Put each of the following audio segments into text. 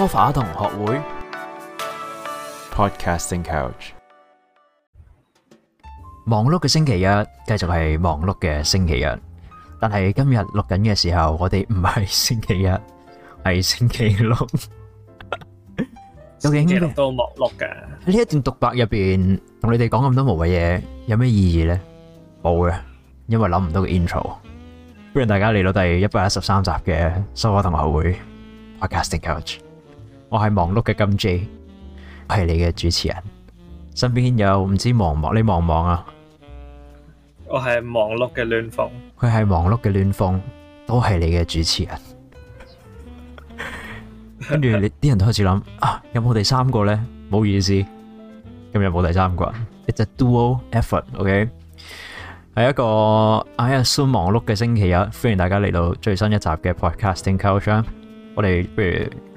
沙發同學會 Podcasting Couch，忙碌嘅星期一繼續係忙碌嘅星期一，但係今日錄緊嘅時候，我哋唔係星期一係星期六，究竟錄到忙碌㗎呢，一段獨白入邊同你哋講咁多無謂嘢有咩意義呢？冇嘅，因為諗唔到嘅 intro。歡迎大家嚟到第一百一十三集嘅沙發同學會 Podcasting Couch。我係忙碌嘅金 Jay，係你嘅主持人，身邊有唔知忙忙你忙唔忙啊，我係忙碌嘅亂鳳，佢係忙碌嘅亂鳳，都係你嘅主持人。跟住你啲人都開始諗啊，有冇第三個咧？唔好意思，今日冇第三個，it's a dual effort，OK，係一個 I assume 忙碌嘅星期日，歡迎大家嚟到最新一集嘅 Podcasting Culture，我哋不如。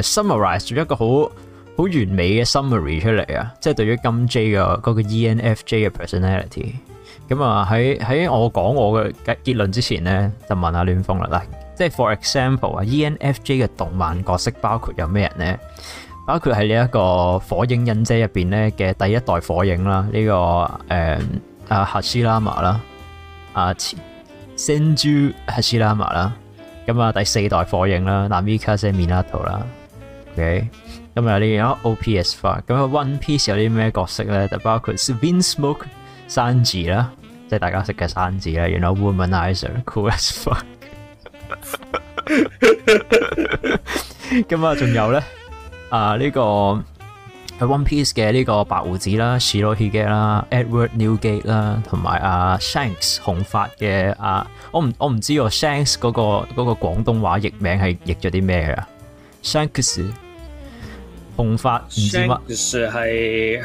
誒 summarize 咗一個好好完美嘅 summary 出嚟、那個、啊！即係對於金 J 個嗰個 ENFJ 嘅 personality，咁啊喺喺我講我嘅結論之前咧，就問阿暖風啦，即係 for example 啊，ENFJ 嘅動漫角色包括有咩人咧？包括喺呢一個《火影忍者》入邊咧嘅第一代火影啦，呢、這個誒阿黑斯拉瑪啦，阿、嗯啊啊、千千黑斯拉瑪啦。咁啊，第四代火影啦，Namikaze Minato 啦，OK，咁啊呢個 OP as fuck，咁個 One Piece 有啲咩角色咧？就包括 Vinsmoke 山治啦，即係大家識嘅山治咧，呢個 Womanizer Cool as Fuck，咁啊，仲有咧啊呢個。係《One Piece》嘅呢個白胡子啦、Shirohige 嘅啦、Edward Newgate 啦，同埋啊 Shanks 紅髮嘅啊，我唔我唔知 Sh、嗰個 Shanks 嗰個嗰個廣東話譯名係譯咗啲咩啊？Shanks 紅髮唔知乜。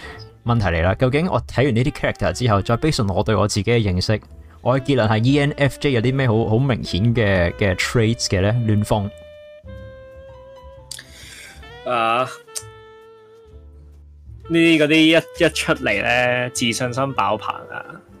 問題嚟啦，究竟我睇完呢啲 character 之後，再 base 上我對我自己嘅認識，我嘅結論係 ENFJ 有啲咩好好明顯嘅嘅 traits 嘅咧？亂放啊！呢啲嗰啲一一出嚟咧，自信心爆棚啊！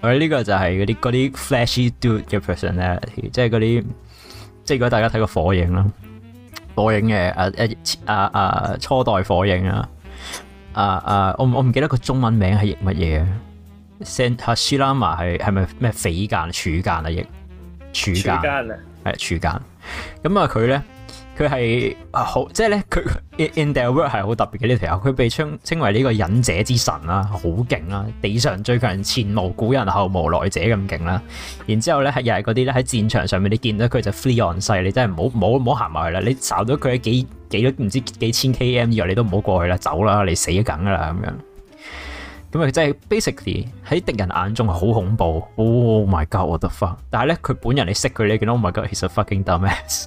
我呢個就係嗰啲啲 flashy dude 嘅 personality，即係嗰啲，即係如果大家睇過火影啦，火影嘅啊一啊啊初代火影啊，啊啊我我唔記得佢中文名係譯乜嘢啊，Senju Hashirama 係係咪咩匪間柱間啊譯柱間啊，係柱間，咁啊佢咧。間佢係、啊、好即係咧，佢、就是、in their work 係好特別嘅呢條友，佢、這個、被稱稱為呢個忍者之神啦、啊，好勁啦，地上最強，前無古人後無來者咁勁啦。然之後咧又係嗰啲咧喺戰場上面，你見到佢就 flee on sight，你真係唔好唔好唔好行埋去啦。你行到佢幾幾多唔知幾千 km 以外，你都唔好過去啦，走啦，你死梗啦咁樣。咁啊，即係 basically 喺敵人眼中係好恐怖。Oh my god，我得翻。但係咧，佢本人你識佢，你見到 oh my god，其實 fucking dumbass。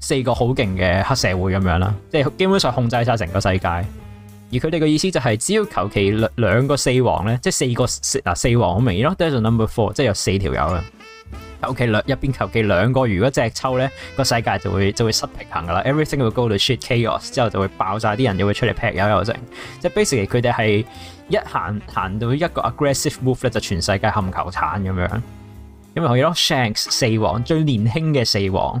四個好勁嘅黑社會咁樣啦，即係基本上控制晒成個世界。而佢哋嘅意思就係、是，只要求其兩個四王咧，即係四個四四王好明顯咯，都係 number four，, four. 即係有四條友啦。O.K. 兩一邊求其兩個，如果隻抽咧，個世界就會就會失平衡噶啦，everything will go to shit chaos，之後就會爆炸，啲人又會出嚟劈友又剩。即係 basically 佢哋係一行行到一個 aggressive move 咧，就全世界冚球鏟咁樣，咁咪可以咯。Shanks 四王最年輕嘅四王。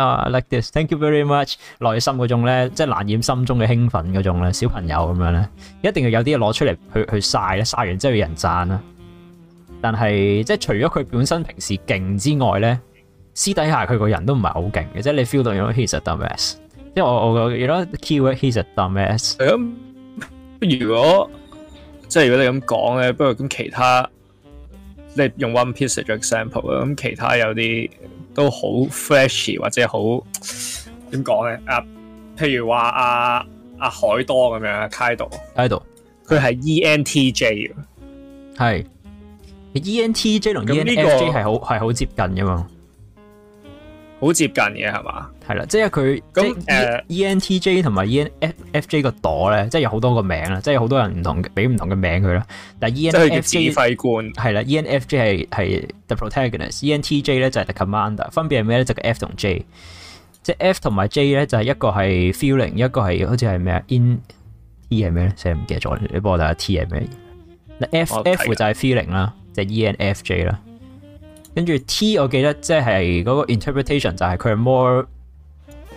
Oh, like this，thank you very much。內心嗰種咧，即係難掩心中嘅興奮嗰種咧，小朋友咁樣咧，一定要有啲嘢攞出嚟去去晒咧，晒完之後人讚啦。但係即係除咗佢本身平時勁之外咧，私底下佢個人都唔係好勁嘅，即係你 feel 到 you know，he's a dumbass。因為我我 you 有咗 know, the keyword, he's a dumbass。咁 you know, dumb 如果即係如果你咁講咧，不如咁其他。即係用 One Piece 做 example 咁其他有啲都好 flashy 或者好點講咧？啊，譬如話阿阿海多咁樣，Kaido，Kaido，佢係 ENTJ 啊，係 ENTJ 同 ENTJ 係好係好接近㗎嘛，好接近嘅係嘛？係啦，即係佢、嗯、即係 E N T J 同埋 E N F J 個朵咧，即係有好多個名啦，即係好多人唔同俾唔同嘅名佢啦。但係 E N F J 係啦，E N F J 係係 The protagonist，E N T J 咧就係 The commander。分別係咩咧？就係、是、F 同 J，即係 F 同埋 J 咧就係一個係 feeling，一個係好似係咩啊？In T 係咩咧？成日唔記得咗，你幫我睇下 T 係咩？那 F F 就係 feeling 啦，即係 E N F J 啦。跟住 T 我記得即係嗰個 interpretation 就係佢係 more。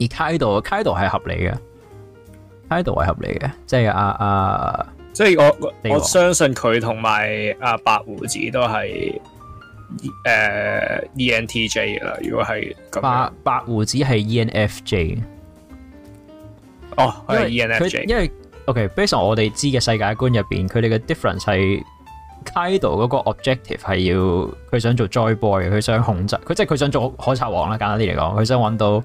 而 Kaido，Kaido 係合理嘅，Kaido 係合理嘅，即係阿阿，即、啊、係我、哦、我相信佢同埋阿白胡子都係，誒、呃、E N T J 啦，如果係，白白胡子係 E N F J，哦，佢係 E N F J，因為，為 OK，based on、okay, 上我哋知嘅世界觀入邊，佢哋嘅 difference 係 Kaido 嗰個 objective 係要佢想做 Joy Boy，佢想控制，佢即係佢想做海賊王啦，簡單啲嚟講，佢想搵到。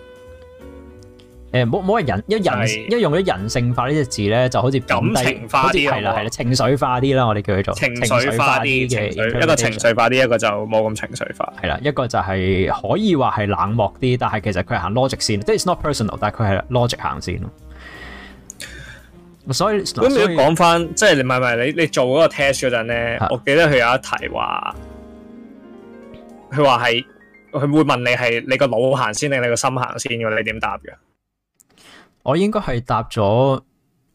誒，冇冇人，因人因用咗人性化呢隻字咧，就好似感情化啲，係啦係啦，情緒化啲啦，我哋叫佢做情緒化啲嘅。一個情緒化啲，一個就冇咁情緒化。係啦，一個就係可以話係冷漠啲，但係其實佢係行 logic 先，即係 it's not personal，但係佢係 logic 行先。所以咁要講翻，即係你唔係唔係你你做嗰個 test 嗰陣咧，我記得佢有一題話，佢話係佢會問你係你個腦行先定你個心行先，你點答嘅？我應該係搭咗，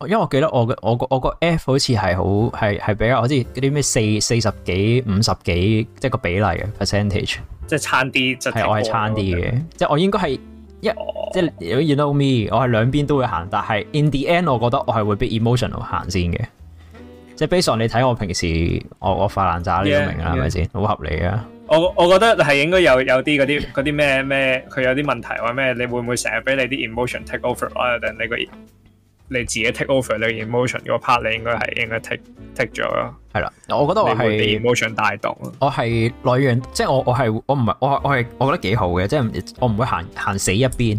因為我記得我嘅我個我個 F 好似係好係係比較好似嗰啲咩四四十幾五十幾即係個比例嘅 percentage，即係差啲，即係我係差啲嘅，即係我應該係一、yeah, oh. 即係 you know me，我係兩邊都會行，但係 in the end 我覺得我係會比 emotional 行先嘅，即係 based on 你睇我平時我我發爛渣你都明啊，係咪先好合理啊？我我覺得係應該有有啲嗰啲啲咩咩，佢有啲問題話咩？你會唔會成日俾你啲 emotion take over 啊？定你個你自己 take over 你 emotion 嗰 part，你應該係應該 take take 咗咯？係啦，我覺得我係 emotion 帶動。我係女源，即係我我係我唔係我我係我覺得幾好嘅，即係我唔會行行死一邊。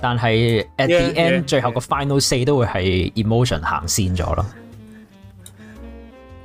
但係 at the end yeah, yeah, 最後個 final 四都會係 emotion 行先咗咯。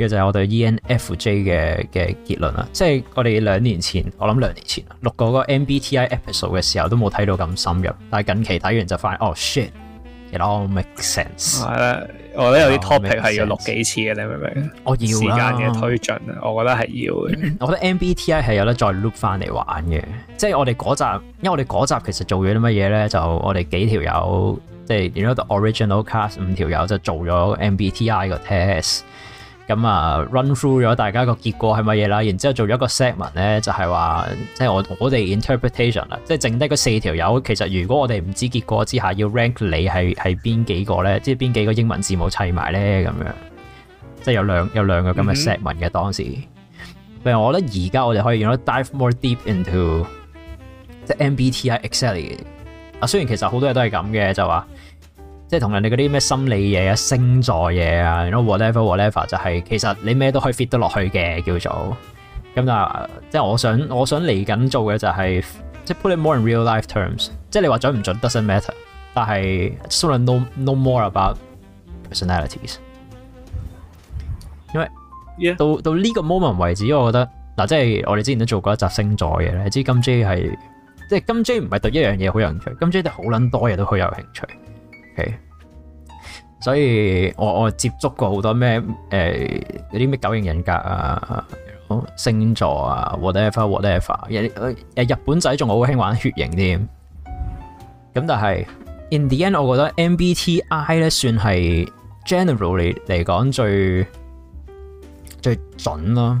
嘅就係我對 ENFJ 嘅嘅結論啦，即係我哋兩年前，我諗兩年前啊，錄嗰個 MBTI episode 嘅時候都冇睇到咁深入，但係近期睇完就發現哦，shit，it all make sense。係啦，我覺得有啲 topic 係要錄幾次嘅，你明唔明？我要啦。時間嘅推進，我覺得係要嘅。我覺得 MBTI 係有得再 loop 翻嚟玩嘅，即係我哋嗰集，因為我哋嗰集其實做咗啲乜嘢咧，就我哋幾條友，即係連嗰個 original cast 五條友就做咗 MBTI 個 test。咁啊，run through 咗大家個結果係乜嘢啦？然之後做咗一個 set 呢，咧、就是，就係話即係我我哋 interpretation 啦，即係剩低嗰四條友，其實如果我哋唔知結果之下，要 rank 你係係邊幾個咧？即係邊幾個英文字母砌埋咧？咁樣即係、就是、有兩有兩個咁嘅 set 文嘅當時，譬如我覺得而家我哋可以用得 dive more deep into 即係 MBTI excel 啊，雖然其實好多嘢都係咁嘅，就話。即係同人哋嗰啲咩心理嘢啊、星座嘢啊 you know，whatever whatever 就係其實你咩都可以 fit 得落去嘅叫做咁啊。即係我想我想嚟緊做嘅就係即係 put it more in real life terms 即準準。即係你話準唔準，doesn't matter 但。但係 soon as no no no more about personalities。因為到 Yeah. 到呢個 moment 為止，我覺得嗱、啊，即係我哋之前都做過一集星座嘢，咧。你知金 J 係即係金 J 唔係對一樣嘢好有興趣，金 J 對好撚多嘢都好有興趣。Okay. 所以我我接觸過好多咩誒啲咩九型人格啊、星座啊、whatever, whatever、whatever，日本仔仲好興玩血型添。咁但係，in the end，我覺得 MBTI 咧算係 generally 嚟嚟講最最準咯。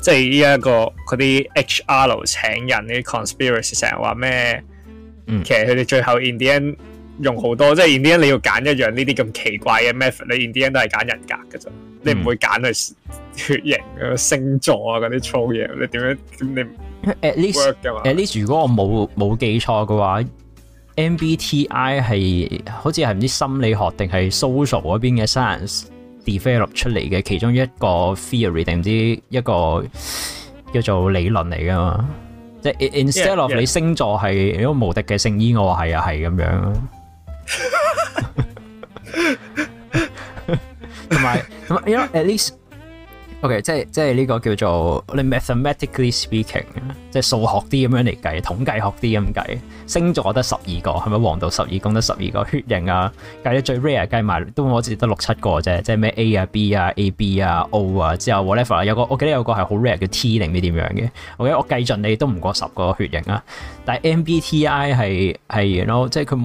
即係呢一個嗰啲 H.R. 請人嗰啲 conspiracy 成日話咩？嗯、其實佢哋最後 Indian 用好多，即係 Indian 你要揀一樣呢啲咁奇怪嘅 method，你 Indian 都係揀人格㗎咋，你唔會揀去血型，嗯、血型星座啊嗰啲粗嘢。你點樣？你 at least，at least 如果我冇冇記錯嘅話，MBTI 係好似係唔知心理學定係 social 邊嘅 science。develop 出嚟嘅其中一個 theory 定唔知一個叫做理論嚟噶嘛？即係 instead of 你星座係一個無敵嘅聖衣，我話係啊係咁樣。同埋同埋，因為誒呢？O、okay, K，即係即係呢個叫做你 mathematically speaking，即係數學啲咁樣嚟計，統計學啲咁計。星座得十二個，係咪黃道十二宮得十二個血型啊？計得最 rare 計埋都我好似得六七個啫。即係咩 A 啊 B 啊 A B 啊 O 啊之後 whatever，有個我記得有個係好 rare 叫 T，定唔知點樣嘅。Okay? 我記我計盡你都唔過十個血型啊。但係 M B T I 係係咯，係 you know, 即係佢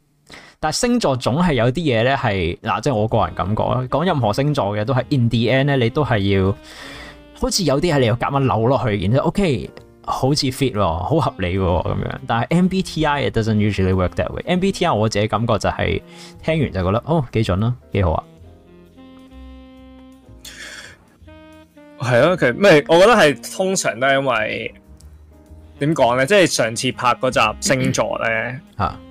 但星座總係有啲嘢咧，係嗱，即、啊、係、就是、我個人感覺啊，講任何星座嘅都係 in the end 咧，你都係要，好似有啲係你要夾硬扭落去，然之後 OK，好似 fit 咯，好合理嘅咁樣。但係 MBTI doesn't usually work that way。MBTI 我自己感覺就係、是、聽完就覺得哦，幾準啦，幾好啊。係咯，其實咩？我覺得係通常都係因為點講咧，即係、就是、上次拍嗰集星座咧吓。呢嗯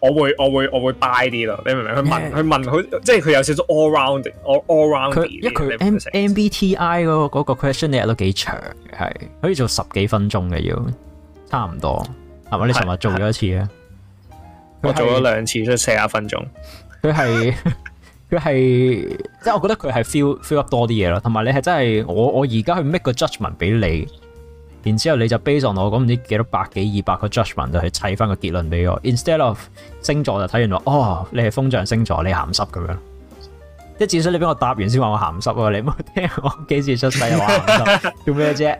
我會我會我會 buy 啲咯，你明唔明？佢問佢 Yeah, 問佢，即係佢有少少 all round，all all round 佢因佢 M M B T I 嗰個 questionnaire 都幾長，係可以做十幾分鐘嘅要，差唔多係咪？是你尋日做咗一次啊？是我做咗兩次，出四十分鐘。佢係佢係， 即係我覺得佢係 feel feel up 多啲嘢咯。同埋你係真係，我我而家去 make 個 judgement 俾你。然之後你就 based on 我咁唔知幾多百幾二百個 judgment 就去砌翻個結論畀我。Instead of 星座就睇完話，哦，你係風象星座，你鹹濕咁樣。即係至少你畀我答完先話我鹹濕啊，你冇聽我幾時出世話鹹濕做咩啫？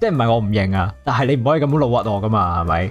即係唔係我唔認啊，但係你唔可以咁老屈我噶嘛，係咪？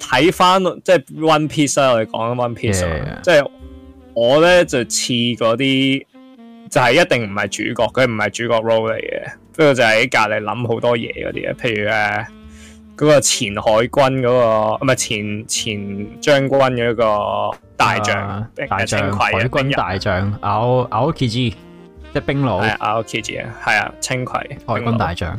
睇翻即係《One Piece、yeah.》啊，我哋講《One Piece》即係我咧就似嗰啲就係一定唔係主角，佢唔係主角 role 嚟嘅，不過就係喺隔籬諗好多嘢嗰啲啊，譬如咧嗰、那個前海軍嗰、那個唔係前前將、uh, 軍嗰個大將，大將海軍大將，奧奧奇茲，即係冰佬，奧奇茲係啊，青葵，海軍大將。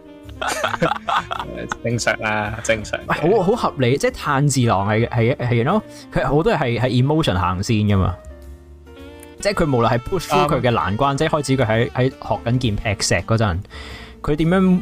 正常啊，正常，好好、哎、合理。即係炭治郎係係係咁，佢好多係係 emotion 行先噶嘛。即係佢無論係 push through 佢嘅難關，嗯、即係開始佢喺喺學緊劍劈石嗰陣，佢點樣？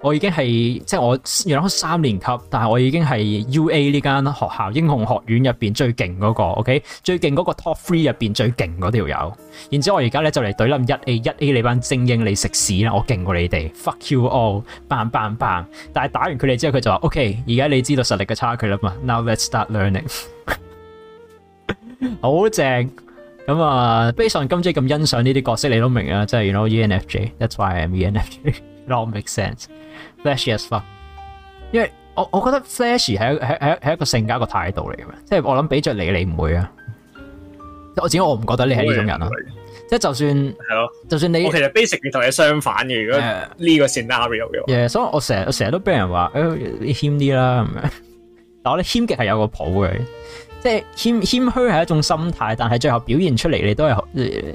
我已經係即係我原來三年級，但係我已經係 U A 呢間學校英雄學院入面最勁嗰、嗰個，OK 最勁嗰個 Top Three 入面最勁嗰條友。然之後我而家咧就嚟對冧一 A 一 A 你班精英你食屎啦！我勁過你哋，fuck you all，棒棒棒，棒！但係打完佢哋之後，佢就話：OK，而家你知道實力嘅差距啦嘛。Now let's start learning，好正。咁 啊 ，Based on 今次咁欣賞呢啲角色，你都明啊！即係 you know, ENFJ，That's why I'm ENFJ。No, make sense，flash y s f u k 因為我我覺得 flash 係一係係係一個性格一個態度嚟嘅，即係我諗俾着你你唔會啊，我自己我唔覺得你係呢種人啊，即係就算係咯，就算，了就算你我其實 basic 同你相反嘅，如果呢個 scenario 嘅，所以、yeah, so、我成日成日都俾人話誒謙啲啦咁樣，但我哋謙極係有個譜嘅，即係謙謙虛係一種心態，但係最後表現出嚟你都係。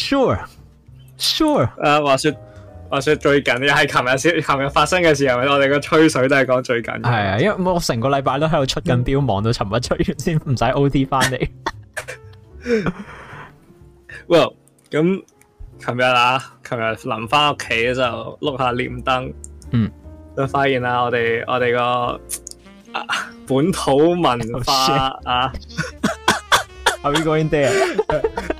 Sure，sure。誒 sure, sure.、uh, 話説話説最近又係琴日琴日發生嘅時候，我哋個吹水都係講最近嘅。係啊，因為我成個禮拜都喺度出緊標，嗯、忙到尋日出完先唔使 O T 翻嚟。 Well，咁琴日啊，琴日臨翻屋企就碌下念燈，嗯，就發現啦，我哋我哋個本土文化啊 ，Are we going there？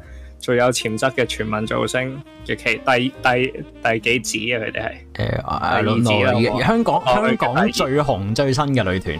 最有潛質嘅全民造星嘅其第第第幾子啊？佢哋係誒、uh, 二子啦、啊，uh, 香港、uh, 香港最紅最新嘅女團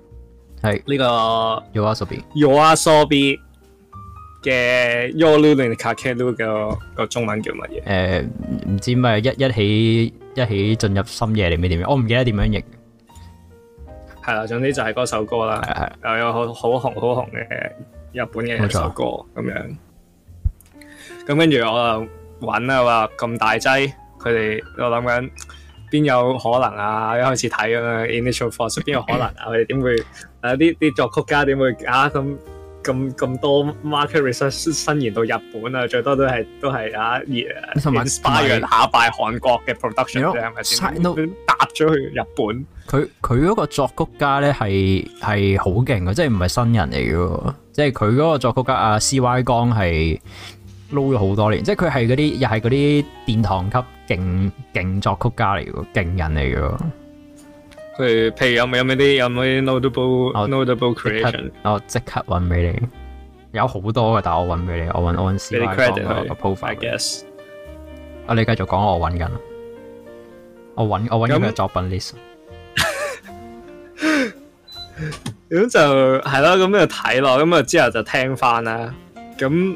係呢個 YOASOBI 嘅 Yoru ni Kakeru 嘅個中文叫乜嘢？誒，唔知咩一一起一起進入深夜定咩點樣？我唔記得點樣譯。係啦，總之就係嗰首歌啦。係係，又有好好紅好紅嘅日本嘅一首歌咁樣。咁跟住我就揾啊話咁大劑，佢哋我諗緊。邊有可能啊？一開始睇啊，Initial Force 邊有可能啊？佢哋點會啊？啲啲作曲家點會啊？咁咁咁多 market research 伸延到日本啊？最多都係都係啊，而和 inspire 下拜韓國嘅 production 咧果，係咪先搭咗去日本？佢佢嗰個作曲家咧係係好勁嘅，即係唔係新人嚟嘅，即係佢嗰個作曲家啊，C.Y. 光係。撈咗好多年，即係佢係嗰啲，又係嗰啲殿堂級勁勁作曲家嚟嘅，勁人嚟嘅。佢譬如，如有冇有冇啲有冇啲 notable 我 notable creation？我即刻搵俾你，有好多嘅，但係我搵俾你，我搵我搵私家嘅 profile。I guess。啊，你繼續講，我搵緊，我搵我搵咗個作品 list。咁 就係咯，咁就睇咯，咁啊之後就聽翻啦，咁。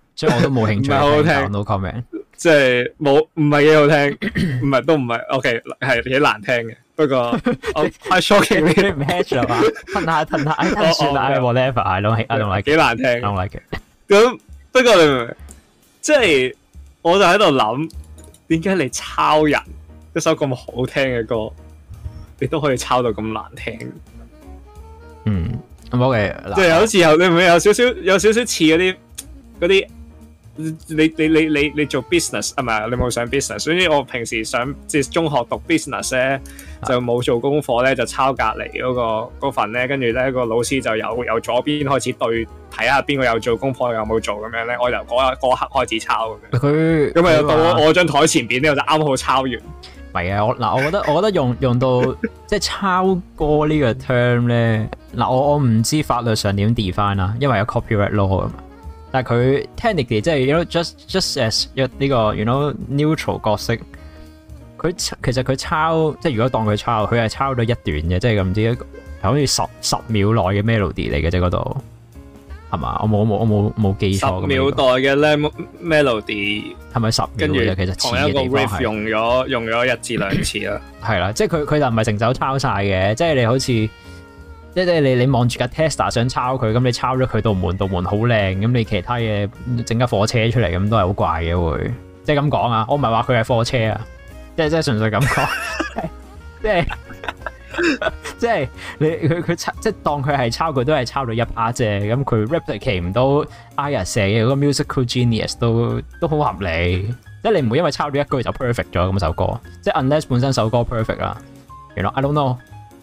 即係我都冇興趣，唔係好好聽，到名，即係冇，唔係幾好聽，唔係都唔係，OK，係幾難聽嘅。不過我，I’m shocking you match 啦，停下停下，哎，算啦，never，I don’t I don’t like，幾難聽，OK，咁不過你明唔明，即係我就喺度諗，點解你抄人一首咁好聽嘅歌，你都可以抄到咁難聽？嗯，OK，即係有時候你唔會有少少有少少似嗰啲嗰啲。你你你你你做 business 啊？唔係你冇上 business，所以我平時上即係中學讀 business 咧，就冇做功課咧，就抄隔離嗰、嗰個份咧。跟住咧個老師就有由左邊開始對睇下邊個有做功課有冇做咁樣咧，我由嗰、嗰個嗰個、刻開始抄咁樣。佢咁咪到我我張台前邊咧，我就啱好抄完。唔係啊，我嗱，我覺得我覺得用 用到即係抄歌呢個 term 咧，嗱我我唔知法律上點 define 啊，因為有 copyright law 啊嘛。但係佢 technically 即係 you know just just as 一呢個 You know neutral 角色，佢其實佢抄即係如果當佢抄，佢係抄咗一段嘅，即係咁知係好似十十秒內嘅 melody 嚟嘅啫嗰度，係嘛？我冇冇我冇冇記錯。十秒代嘅 melody 係咪十秒內？跟住後其實同一個 riff 用咗用咗一至兩次啦。係啦， 即係佢佢就唔係成首抄曬嘅，即係你好似。即係你你望住架 tester 想抄佢，咁你抄咗佢度門度門好靚，咁你其他嘢整架火車出嚟，咁都係好怪嘅會。即係咁講啊，我唔係話佢係火車啊，即係即係純粹咁講。即係即係你佢佢即係當佢係抄佢都係抄到一 part 啫。咁佢 replicate 唔到 Iya 寫嘅嗰個 musical genius 都都好合理。即係你唔會因為抄咗一句就 perfect 咗咁首歌。即係 unless 本身首歌 perfect 啦。原嚟 you know, I don't know。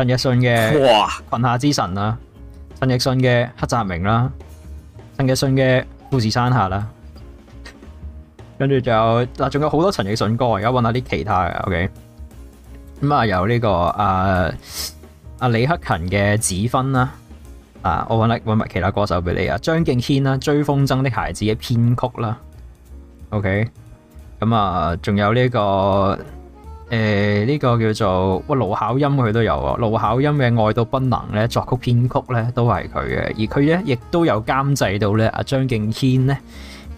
陳奕迅嘅《哇群下之神》啦，陳奕迅嘅《黑澤明》啦，陳奕迅嘅《富士山下》啦，跟住仲有嗱，仲有好多陳奕迅歌，而家揾下啲其他嘅，OK，咁啊有呢個啊，阿李克勤嘅《指婚》啦，啊我揾一揾埋其他歌手俾你啊，張敬軒啦《追風箏的孩子》嘅編曲啦，OK，咁啊仲有呢個。誒呢、欸呢個叫做哇，盧巧音佢都有啊，盧巧音嘅愛到不能咧，作曲編曲咧都係佢嘅，而佢咧亦都有監製到咧阿張敬軒咧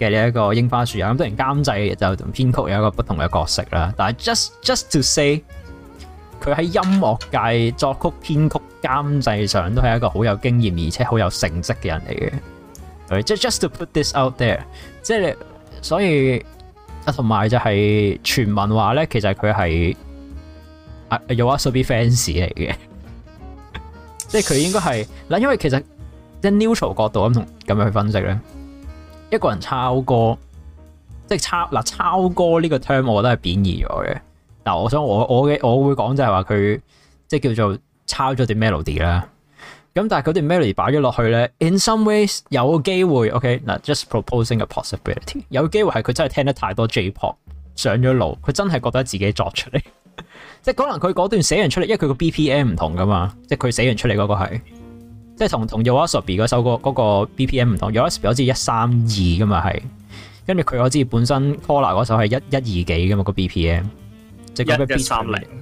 嘅呢一個櫻花樹啊，咁當然監製就同編曲有一個不同嘅角色啦。但係 just just to say，佢喺音樂界作曲編曲監製上都係一個好有經驗而且好有成績嘅人嚟嘅。即係 just to put this out there，即係所以。同埋、啊、就係傳聞話咧，其實佢係啊，有阿 Superfans 嚟嘅，即係佢應該係嗱，因為其實即係、就是、neutral 角度咁同咁樣去分析咧，一個人抄歌，即、就、係、是、抄嗱、啊、抄歌呢個 term，我覺得係貶義咗嘅。但我想我我嘅我會講就係話佢即係叫做抄咗啲 melody 啦。咁但係佢段 melody 擺咗落去咧，in some ways 有機會，OK 嗱，just proposing a possibility，有機會係佢真係聽得太多 J pop 上咗路，佢真係覺得自己作出嚟， 即係可能佢嗰段寫完出嚟，因為佢個 BPM 唔同噶嘛，即係佢寫完出嚟嗰個係，即係、那個那個、同同 YOASOBI 嗰首嗰個 BPM 唔同 YOASOBI 我知一三二噶嘛係，跟住佢我知本身 Koala 嗰首係一一二幾噶嘛個 BPM，即 B 三零。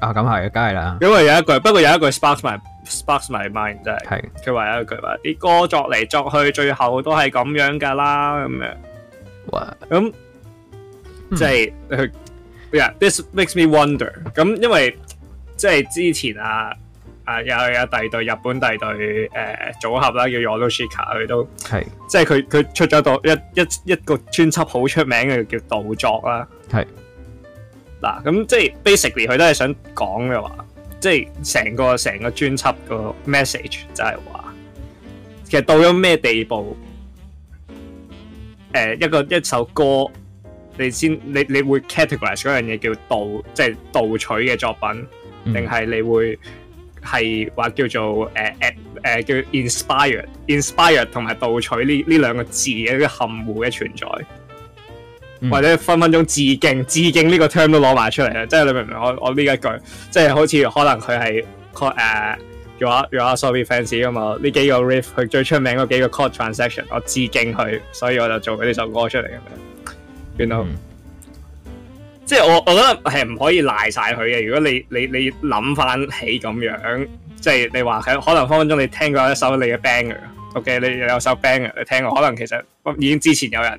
啊，咁係，梗係啦。因為有一句，不過有一句 sparks my sparks my mind 真係。係佢話有一句話，啲歌作嚟作去，最後都係咁樣噶啦，咁樣。哇！咁即係佢，呀、yeah,，this makes me wonder。咁因為即係之前啊啊有有第二隊日本第二隊誒組合啦，叫 Yorushika，佢都係，是即係佢佢出咗多一一一個專輯好出名嘅叫《盜作》啦，係。嗱，咁即係 basically 佢都係想講嘅話，即係成個成個專輯個 message 就係話，其實到咗咩地步？一、呃、個一首歌，你先你你會 categorize 嗰樣嘢叫盜，即係盜取嘅作品，定係、嗯、你會係話叫做誒、呃呃、叫 inspired inspired 同埋盜取呢呢兩個字嘅一個含糊嘅存在。或者分分鐘致敬致、嗯、敬呢個 term 都攞埋出嚟咧，嗯、即係你明唔明我我呢一句？即係好似可能佢係 call 誒，叫阿叫阿 sorry fancy 㗎嘛？呢幾個 riff 佢最出名嗰幾個 call transaction，我致敬佢，所以我就做佢呢首歌出嚟咁樣。you know，即係我我覺得係唔可以賴晒佢嘅。如果你你你諗返起咁樣，即係你話佢可能分分鐘你聽過一首你嘅 banger、okay? 你有首 banger 你聽過，可能其實已經之前有人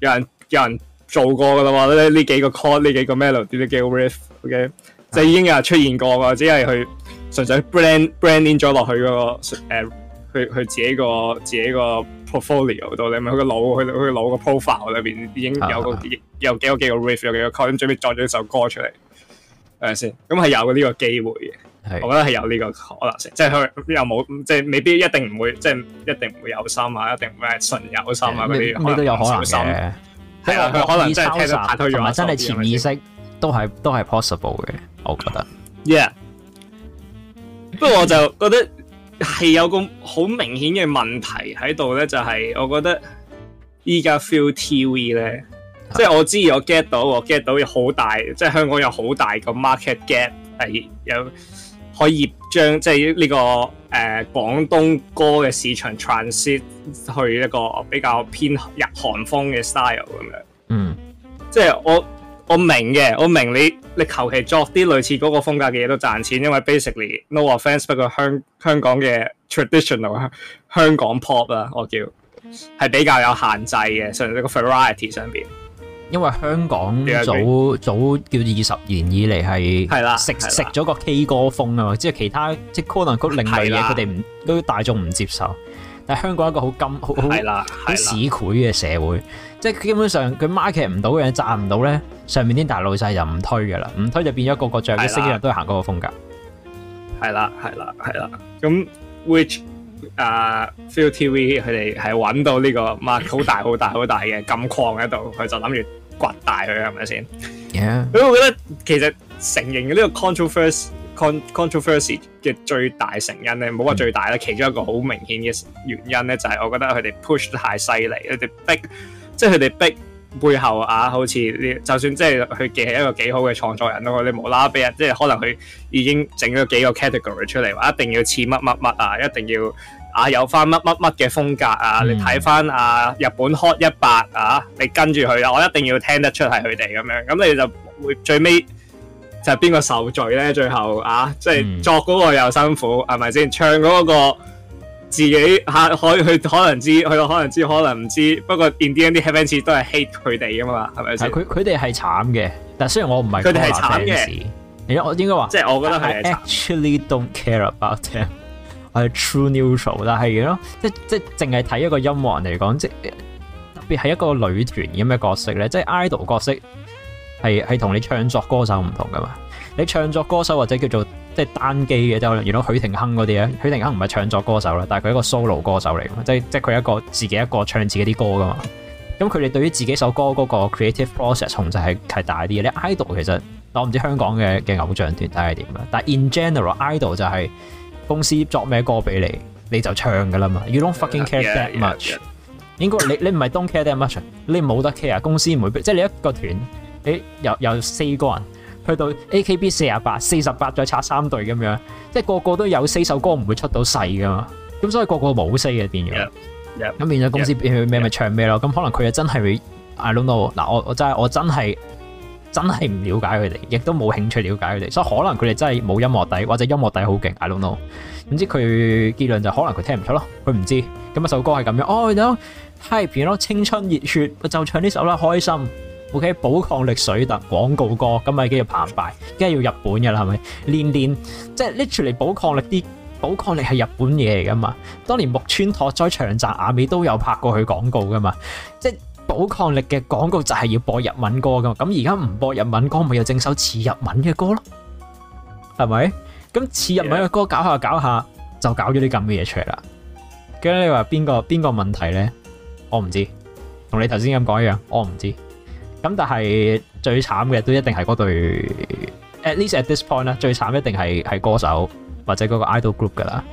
有人。有人做過噶啦嘛？呢呢幾個 call、呢幾個 melody、都幾個 riff，OK、okay? 就、啊、已經有人出現過噶，只係佢純粹 brand, brand、b r a n d i n 咗落去個誒，佢佢自己個自己個 portfolio 度你咪佢個腦，佢佢腦個 profile 裏邊已經有個、啊、有幾多、啊、幾個 riff，有幾個 call，咁準備作咗一首歌出嚟，明唔明先？咁係有呢個機會嘅，是我覺得係有呢個可能性，即係佢又冇，即係未必一定唔會，即係一定唔會有心啊，一定唔會係純有心啊，嗰啲可能有心嘅。睇佢、嗯嗯、可能真係睇到太多嘢，同埋真係潛意識都係都係 possible 嘅，我覺得。Yeah，不過我就覺得係有個好明顯嘅問題喺度咧，就係我覺得依家 Feel TV 咧，即係的我知，我 get 到，我 get 到有好大，即、就、係、是、香港有好大個 market gap 係有。可以將即係呢、呢個、呃、廣東歌嘅市場 transit 去一個比較偏韓日韓風嘅 style 咁樣，嗯，即係我我明嘅，我明，我明你你求其作啲類似嗰個風格嘅嘢都賺錢，因為 basically no offense，不過香香港嘅 traditional 香港 pop 啊，我叫係比較有限制嘅，上一個 variety 上面。因為香港早早叫二十年以嚟係食食咗個 K 歌風啊嘛，即係其他即係可能曲另類嘢，佢哋唔都大眾唔接受。但係香港一個好金好好好市儈嘅社會，即係基本上佢 market 唔到嘅嘢賺唔到咧，上面啲大老細就唔推噶啦，唔推就變咗個個唱嘅聲音都係行嗰個風格。係啦，係啦，係啦，咁 which？啊！Feel、uh, TV 佢哋係揾到呢個 Mark 好大，好大、好大、好大、好大嘅金礦喺度，佢就諗住掘大佢，係咪先？我覺得其實承認嘅呢個 controversy，con, controversy、controversy 嘅最大成因咧，冇話最大啦，mm. 其中一個好明顯嘅原因咧，就係我覺得佢哋 push 得太犀利，佢哋逼，即係佢哋逼背後啊，好似呢，就算即係佢既係一個幾好嘅創作人咯，你無啦啦俾人即係可能佢已經整咗幾個 category 出嚟，話一定要似乜乜乜啊，一定要～啊，有翻乜乜乜嘅風格啊！嗯、你睇翻啊，日本 hot 一百啊，你跟住佢啊，我一定要聽得出係佢哋咁樣，咁你就會最尾就係邊個受罪咧？最後啊，即係作嗰個又辛苦，係咪先唱嗰個自己吓？佢、啊、佢可能知，佢可能知，可能唔知。不過 i n d i a v e fans 都係 hate 佢哋㗎嘛，係咪佢佢哋係慘嘅，但雖然我唔係佢哋係慘嘅，我應該話即係我覺得係 actually don't care about them. true neutral，但係咯，即即淨係睇一個音樂人嚟講，即特別係一個女團咁嘅角色咧，即 idol 角色係係同你唱作歌手唔同噶嘛。你唱作歌手或者叫做即單機嘅，就原來到許廷鏗嗰啲咧，許廷鏗唔係唱作歌手啦，但係佢係一個 solo 歌手嚟噶嘛，即即佢一個自己一個唱自己啲歌噶嘛。咁佢哋對於自己首歌嗰個 creative process 控制係係大啲嘅。你 idol 其實我唔知香港嘅嘅偶像團體係點啦，但係 in general idol 就係、是。公司作咩歌俾你，你就唱噶啦嘛。You don't fucking care that much。Yeah, yeah , yeah. 應該 你你唔係 don't care that much，你冇得 care。公司唔會俾即係你一個團，誒有，有四個人去到 AKB 四廿八四十八再拆三隊咁樣，即係個個都有四首歌唔會出到世噶嘛。咁所以個個冇四嘅變咗，咁變咗公司俾咩咪唱咩咯。咁可能佢又真係，I don't know。嗱我我真係我真係。真係唔了解佢哋，亦都冇興趣了解佢哋，所以可能佢哋真係冇音樂底，或者音樂底好勁，I don't know。總之佢結論就可能佢聽唔出咯，佢唔知。咁一首歌係咁樣，哦、oh，就 happy 咯，青春熱血，就唱呢首啦，開心。OK，寶礦力水特廣告歌，咁咪叫做澎湃，梗係要日本嘅啦，係咪？年年即係拎出嚟寶礦力啲，寶礦力係日本嘢嚟噶嘛。當年木村拓哉、長澤雅美都有拍過佢廣告噶嘛，即係。保抗力嘅廣告就係要播日文歌噶，咁而家唔播日文歌，咪又整首似日文嘅歌咯，係咪？咁似日文嘅歌搞下搞下，就搞咗啲咁嘅嘢出嚟啦。咁你話邊個邊個問題呢？我唔知，同你頭先咁講一樣，我唔知。咁但係最慘嘅都一定係嗰對，at least at this point 咧，最慘一定係係歌手或者嗰個 idol group 噶啦。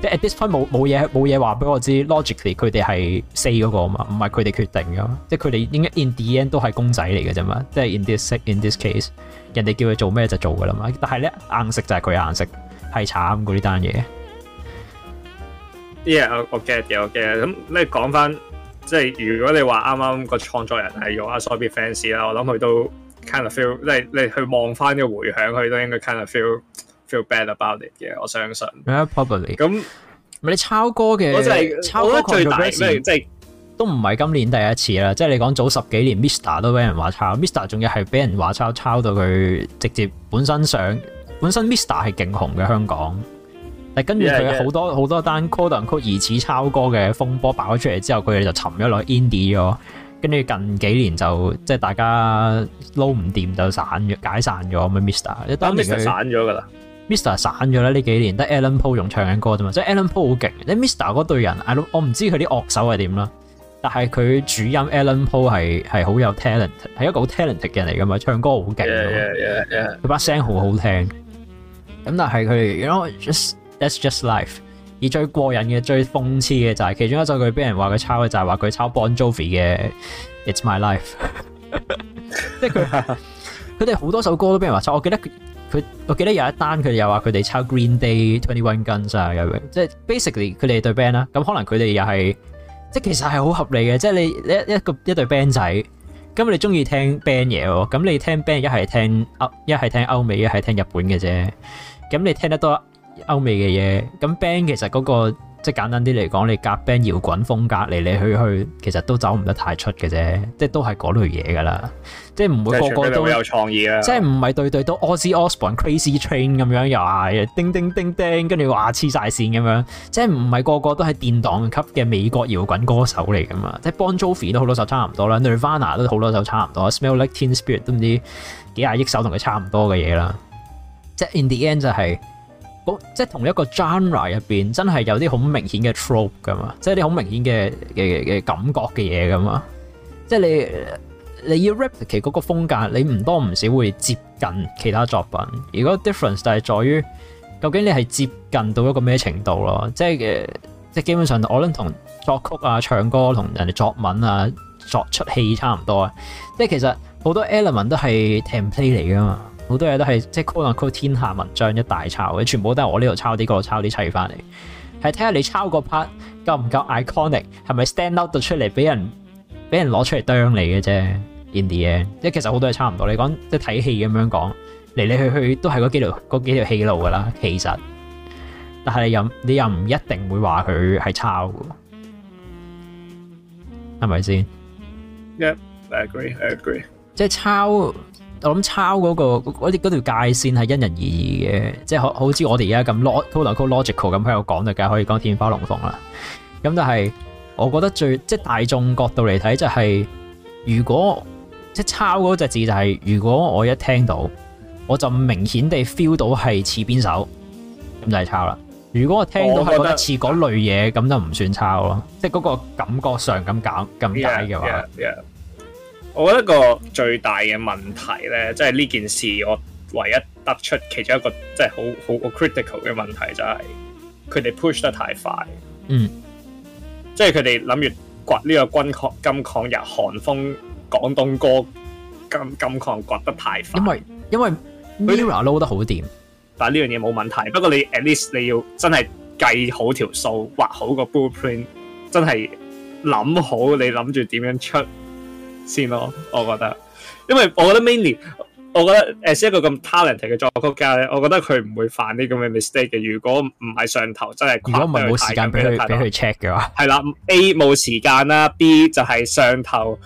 即係 at this point 冇冇嘢冇嘢話俾我知，logically 佢哋係 say 嗰個啊嘛，唔係佢哋決定嘛。即係佢哋應該 in the end 都係公仔嚟嘅啫嘛，即係 in this in this case 人哋叫佢做咩就做㗎啦嘛，但係咧硬色就係佢硬色，係慘過呢單嘢。Yeah, I get it，I get it. 咁你講翻，即係如果你話啱啱個創作人係用阿 Sophie Fans 啦，我諗佢都 kind of feel，即你你去望翻個回響，佢都應該 kind of feel。bad about it 嘅，我相信。Yeah, probably 咁那，你抄歌嘅，我真係，抄歌 我覺得最大即係，都唔係今年第一次啦。即係你講早十幾年，Mister 都俾人話抄、嗯、Mister 仲要係俾人話抄，抄到佢直接本身上本身 Mister 係勁紅嘅香港，但跟住佢好多好 Yeah, yeah. 多，多單 cover 曲疑似抄歌嘅風波爆咗出嚟之後，佢哋就沉咗落 indie 咗，跟住近幾年就即係大家撈唔掂就散咗解散咗咪 Mister 一單散咗㗎啦。Mr. 散咗啦，呢幾年得 Alan Po 仲唱緊歌啫嘛，即係 Alan Po 好勁。你 Mr. 嗰隊人，I 我唔知佢啲樂手係點啦，但係佢主音 Alan Po 係、e、係好有 talent，係一個好 talented 嘅人嚟㗎嘛，唱歌好勁，佢把、yeah, yeah , yeah. 聲好好聽。咁但係佢 you know,just that's just life。而最過癮嘅、最諷刺嘅就係、是、其中一首佢俾人話佢抄嘅，就係話佢抄 Bon Jovi 嘅《It's My Life》。即係佢，佢哋好多首歌都俾人話抄。我記得佢佢，我記得有一單，佢哋又話佢哋抄 Green Day Twenty One Guns，啊咁樣，即係 basically 佢哋對 band 啦。咁可能佢哋又係，即係其實係好合理嘅。即係你一一個一對 band 仔，咁你中意聽 band 嘢喎？咁你聽 band 一係聽歐，一係聽歐美，一係聽日本嘅啫。咁你聽得多歐美嘅嘢，咁 band 其實嗰個。即係簡單啲嚟講，你夾 band 搖滾風格嚟嚟去去，其實都走唔得太出嘅啫，即係都係嗰類嘢㗎啦。即係唔會個個都有，有創意即係唔係對對都。Ozzy Osbourne、Crazy Train 咁樣又係叮叮叮叮，跟住話黐晒線咁樣。即係唔係個個都係殿堂級嘅美國搖滾歌手嚟㗎嘛？即係 Bon Jovi 都好多首差唔多啦，Nirvana 都好多首差唔多，Smell Like Teen Spirit 都唔知幾廿億首同佢差唔多嘅嘢啦。即係 In the End 就係、是。即係同一個 genre 入邊，真係有啲好明顯嘅 trope 噶嘛，即係啲好明顯嘅嘅嘅感覺嘅嘢噶嘛。即係你你要 replicate 嗰個風格，你唔多唔少會接近其他作品。而個 difference 就係在於，究竟你係接近到一個咩程度咯？即係誒，即係基本上我諗同作曲啊、唱歌同人哋作文啊、作出戲差唔多啊。即係其實好多 element 都係 template 嚟噶嘛。好多嘢都係即係 quote unquote 天下文章一大抄嘅，全部都係我呢度抄啲，嗰度抄啲砌翻嚟，係睇下你抄嗰 part 夠唔夠 iconic，係咪 stand out 到出嚟俾人俾人攞出嚟啄你嘅啫。In the end，即係其實好多嘢差唔多。你講即係睇戲咁樣講，嚟嚟去去都係嗰幾條嗰幾條戲路噶啦。其實，但係又你又唔一定會話佢係抄噶。係咪先？Yeah，I agree. I agree. 即係抄。我諗抄嗰、嗰個條界線係因人而異嘅，即係好，好似我哋而家咁 logical 咁喺度講嘅，可以講天花龍鳳啦。咁但係我覺得最即係大眾角度嚟睇、就是，就係如果即係抄嗰隻字、就是，就係如果我一聽到，我就明顯地 feel 到係似邊首，咁就係、是、抄啦。如果我聽到係覺得似嗰類嘢，咁覺就唔算抄咯。即係嗰個感覺上咁講咁解嘅話。Yeah, yeah, yeah. 我覺得個最大嘅問題咧，即係呢件事，我唯一得出其中一個即係好好 critical 嘅問題、就是，就係佢哋 push 得太快。嗯，即係佢哋諗住掘呢個金礦、日韓風廣東歌金金礦，掘得太快，因為因為 Mira 撈們得好掂，但呢樣嘢冇問題。不過你 at least 你要真係計好條數，畫好個 blueprint，真係諗好你諗住點樣出。先咯，我覺得，因為我覺得 mainly，我覺得 as 一個咁 talented 嘅作曲家咧，我覺得佢唔會犯啲咁嘅 mistake 嘅。如果唔係上頭真係，如果唔係冇時間俾佢俾佢 check 嘅話，係啦，A 冇時間啦，B 就係上頭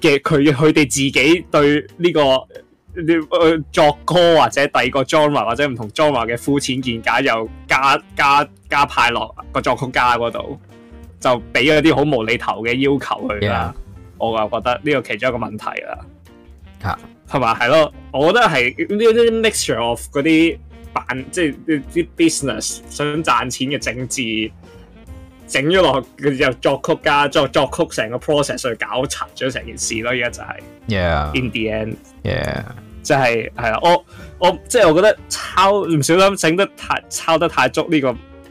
嘅佢佢哋自己對呢、呢個作歌或者第二個 genre 或者唔同 genre 嘅膚淺見解又加加加派落個作曲家嗰度，就俾咗啲好無厘頭嘅要求佢啦。Yeah. 我又覺得呢個其中一個問題啦，嚇、啊，係嘛，係咯，我覺得係呢啲 mixture of 嗰啲辦，即係啲、就是、business 想賺錢嘅政治，整咗落去，又作曲家作作曲成個 process 去搞殘咗成件事咯，而家就係、是，yeah，in the end，yeah，即係係、就、啦、是，我我即係、就是、我覺得抄唔小心整得太抄得太足呢、這個。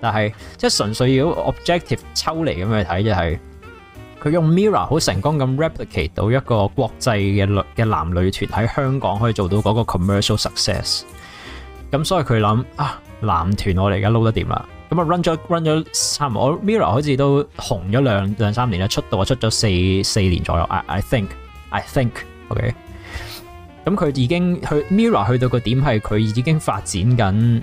但係，即係純粹要 objective 抽嚟咁去睇，就係佢用 Mirror 好成功咁 replicate 到一個國際嘅嘅男女團喺香港可以做到嗰個 commercial success。咁所以佢諗啊，男團我哋而家撈得點啦？咁啊 run 咗 run 咗差唔多，我 Mirror 好似都紅咗兩兩三年啦，出道啊出咗四四年左右，I I think I think，OK、okay？咁佢已經去 Mirror 去到個點係，佢已經發展緊。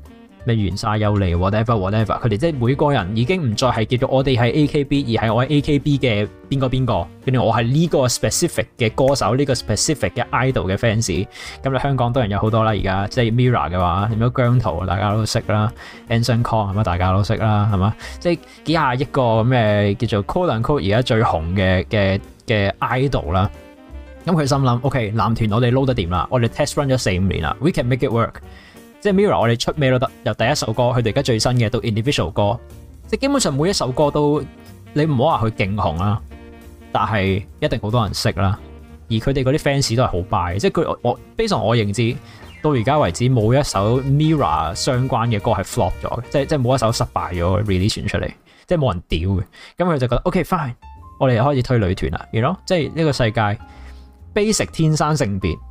咩完晒又嚟？Whatever，whatever，佢哋即係每個人已經唔再係叫做我哋係 AKB，而係我係 AKB 嘅邊個邊個。跟住我係呢個 specific 嘅歌手，呢、呢個 specific 嘅 idol 嘅 fans。咁、嗯、你香港當然有好多啦，而家即係 Mira 嘅話，點樣姜濤大家都識啦，Anson Kong 係咪大家都識啦，係咪即係幾廿一個咩叫做 quote unquote 而家最紅嘅嘅嘅 idol 啦。咁、嗯、佢心諗：OK，男團我哋撈得掂啦，我哋 test run 咗四五年啦，we can make it work。即係 Mirror，我哋出咩都得，由第一首歌，佢哋而家最新嘅到 individual 歌，即基本上每一首歌都你唔好話佢勁紅啦，但係一定好多人識啦。而佢哋嗰啲 fans 都係好 buy，即係佢我，非常我認知到而家為止，冇一首 Mirror 相關嘅歌係 flop 咗嘅，即係即係冇一首失敗咗 release 出嚟，即係冇人屌嘅。咁佢就覺得 OK fine，我哋又開始推女團啦，o 咯。You know? 即係呢個世界 basic 天生性別。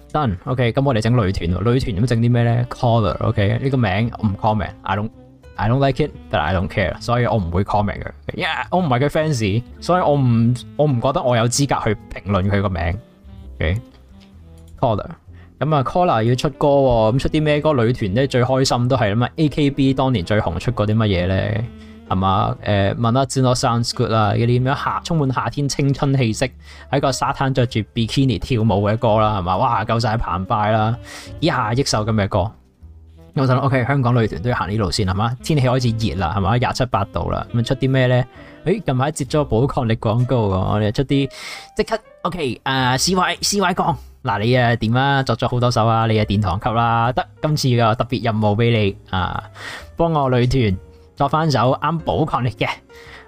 Done. Okay，咁我哋整女團咯。女團咁整啲咩咧？Color。Okay，呢個名我唔 comment。I don't，I don't like it，but I don't care。所以我唔會 comment 嘅。我唔係佢 fans，所以我唔我唔覺得我有資格去評論佢個名。Color。咁啊，Color 要出歌咁出啲咩歌？女團咧最開心都係啦嘛。AKB 當年最紅，出過啲乜嘢咧？係嘛？誒問、呃、下，我 sounds good 啊？啲點樣夏充滿夏天青春氣息，喺個沙灘着住 bikini 跳舞嘅歌啦，係嘛？哇！夠晒澎湃啦，以下益首咁嘅歌。我諗 OK，香港女團都要行呢路線，係嘛？天氣開始熱啦，係嘛？廿七八度啦，咁出啲咩咧？誒近排接咗個保抗力廣告，我哋出啲即刻 OK 啊！CY CY 講嗱你啊點啊？作咗好多首啊，你嘅殿堂級啦，得今次嘅特別任務俾你啊，幫我女團。攞翻首《啱寶礦力》嘅，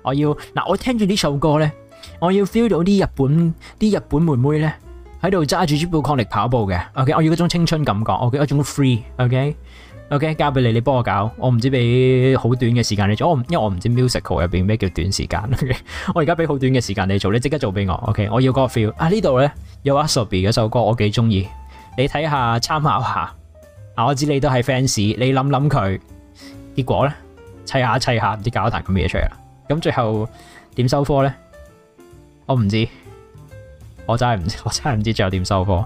我要嗱，我聽住呢首歌咧，我要 feel 到啲日本啲日本妹妹咧喺度揸住支寶礦力跑步嘅。O.K.，我要嗰種青春感覺，O.K.，一種 free。O.K.，O.K.，交俾你，你幫我搞。我唔知俾好短嘅時間你做，我因為我唔知 musical 入邊咩叫短時間。我而家俾好短嘅時間你做，你即刻做俾我。O.K.，我要嗰個 feel。啊呢度咧，有《阿 sobie》嗰首歌，我幾中意。你睇下參考下，啊我知你都係 fans，你諗諗佢結果咧。砌下砌下，唔知搞一壇咁嘢出嚟啦。咁最後點收科咧？我唔知，我真係唔，我真係唔知最後點收科。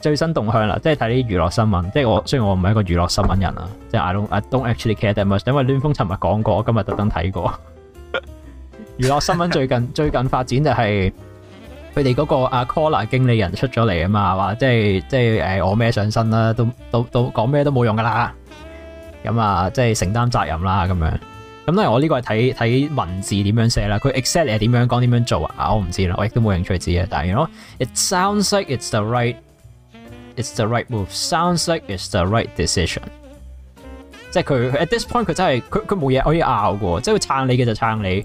最新動向啦，即係睇啲娛樂新聞。即係我雖然我唔係一個娛樂新聞人啊，即係 I don't I don't actually care that much。因為暖風尋日講過，我今日特登睇過。娛樂 新聞最近最近發展就係佢哋嗰個阿 Collar 經理人出咗嚟啊嘛，係嘛？即係即係誒，我咩上身啦？都都都講咩都冇用噶啦。咁啊、嗯，即係承擔責任啦，咁樣。咁當然我呢個係睇睇文字點樣寫啦。佢 except 係點樣講，點樣做啊？我唔知啦，我亦都冇興趣知啊。但係你諗，It sounds like it's the right, it's the right move. Sounds like it's the right decision。即係佢 at this point，佢真係佢佢冇嘢可以拗噶，即係佢撐你嘅就撐你，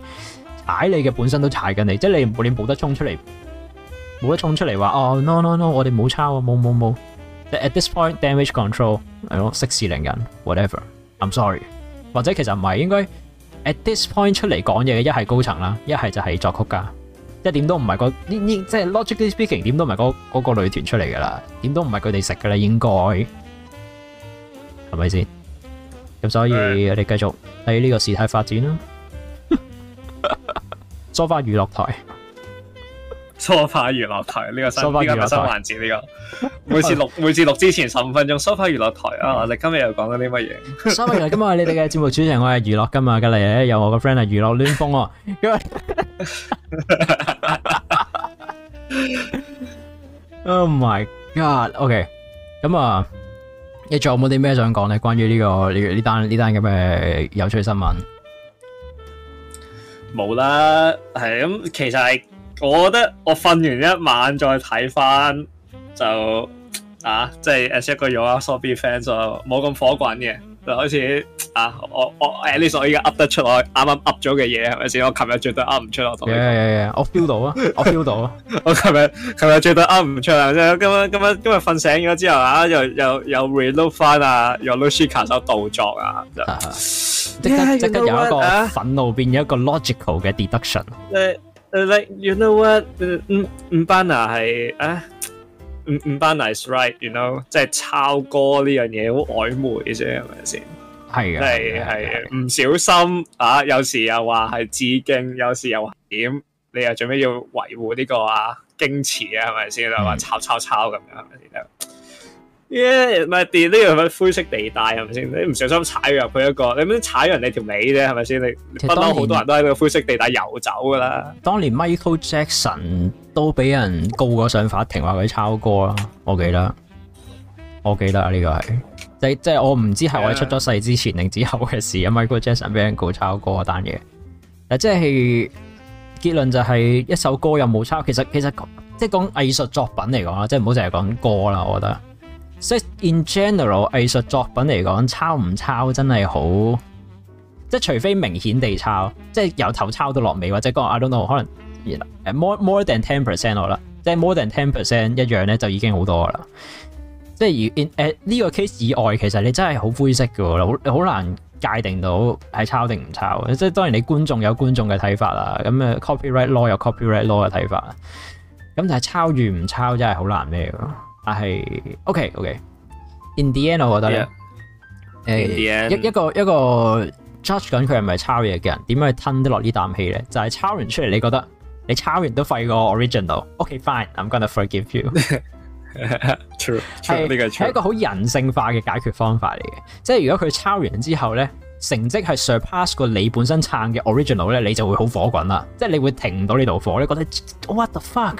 踩你嘅本身都踩緊你。即係你冇你冇得衝出嚟，冇得衝出嚟話哦 no no no，我哋冇抄啊冇冇冇。at this point damage control，係咯，息事寧人，whatever I'm sorry，或者其實唔係應該 at this point 出嚟講嘢嘅，一係高層啦，一係就係作曲家，一點都唔係，個呢、呢，即係 logically speaking，點都唔係嗰、嗰個女團出嚟㗎啦，點都唔係佢哋食㗎啦，應該係咪先？咁所以我哋繼續睇呢個事態發展啦，坐翻娛樂台。梳化 f a 娛樂台呢、這個新呢、 這個新環節呢個，每次錄 每次錄之前十五分鐘梳化 f a 娛樂台 啊，我哋今日又講咗啲乜嘢？今日你哋嘅節目主持人我係娛樂今日隔籬咧有我個 friend 係娛樂亂風哦。 oh my god！OK，、okay, 咁、嗯、啊，你仲有冇啲咩想講咧？關於呢、這個呢呢單呢單咁嘅有趣新聞，冇啦，係咁，其實係。我覺得我瞓完一晚再睇翻就啊，即係 as if 個 Robby fans 就冇咁火滾嘅，就好似啊我我 at least 我而家 up 得出我啱啱 up 咗嘅嘢係咪先？我琴日絕對 up 唔出。我 feel 到啊， 我 feel 到啊，我琴日琴日絕對 up 唔出啊！即係今日今日今日瞓醒咗之後啊，又又又 reload 翻啊 r o b i c k 手導作啊，即 刻即、yeah, you know 刻有一個憤怒變咗一個 logical 嘅 deduction。Uh, k、like, 你，you know what？五五班啊係啊，五五班啊，right 你 know，即係抄歌呢樣嘢好曖昧嘅啫，係咪先？係啊是，係啊，係啊，唔小心啊，有時又話係致敬，有時又點？你又準備要維護呢個啊矜持啊，係咪先？又話、嗯、抄抄抄咁樣，係咪先？耶，唔係地都要喺灰色地帶係咪先？你唔小心踩入去一個，你唔知踩入人哋條尾啫，係咪先？你不嬲好多人都喺個灰色地帶游走噶啦。當年 Michael Jackson 都俾人告過上法庭話佢抄歌啦，我記得，我記得呢個係，即係、即係、我唔知係我出咗世之前定之後嘅事啊。Yeah. Michael Jackson 俾人告抄歌單嘢，即係結論就係一首歌有冇抄？其實其實即係講藝術作品嚟講，即係唔好淨係講歌啦，我覺得。即、so、in general 藝術作品嚟講，抄唔抄真係好，即係除非明顯地抄，即係由頭抄到落尾或者講 I don't know 可能誒 more more than ten percent 好啦，即係 more than ten percent 一樣咧就已經好多噶啦。即係而呢個 case 以外，其實你真係好灰色噶喎，好好難界定到係抄定唔抄。即係當然你觀眾有觀眾嘅睇法啦，咁啊 copyright law 有 copyright law 嘅睇法。咁但係抄與唔抄真係好難咩㗎。但係 OK，OK。Okay, okay. In the end 我覺得咧，誒，一一個一個 judge 緊佢係咪抄嘢嘅人，點樣去吞得落呢啖氣咧？就係、是、抄完出嚟，你覺得你抄完都廢過 original。OK，fine，I'm、okay, gonna forgive you。True，係呢個係一個好人性化嘅解決方法嚟嘅。即係如果佢抄完之後咧，成績係 surpass 過你本身撐嘅 original 咧，你就會好火滾啦。即係你會停唔到呢度火，你覺得 what the fuck？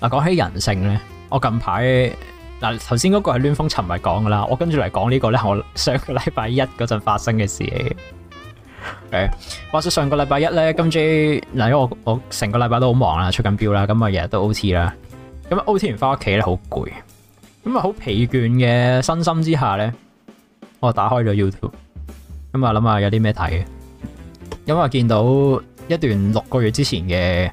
嗱，講 Yeah. 起人性咧，我近排嗱，頭先嗰個係亂風尋物講噶啦，我跟住嚟講呢個咧，我上個禮拜一嗰陣發生嘅事。誒，okay，話說上個禮拜一咧，今次嗱，因為我我成個禮拜都好忙啦，出緊標啦，咁啊日日都 O T 啦，咁 O T 完翻屋企咧好攰，咁啊好疲倦嘅身心之下咧，我打開咗 YouTube，咁啊諗下有啲咩睇，咁啊見到一段六個月之前嘅。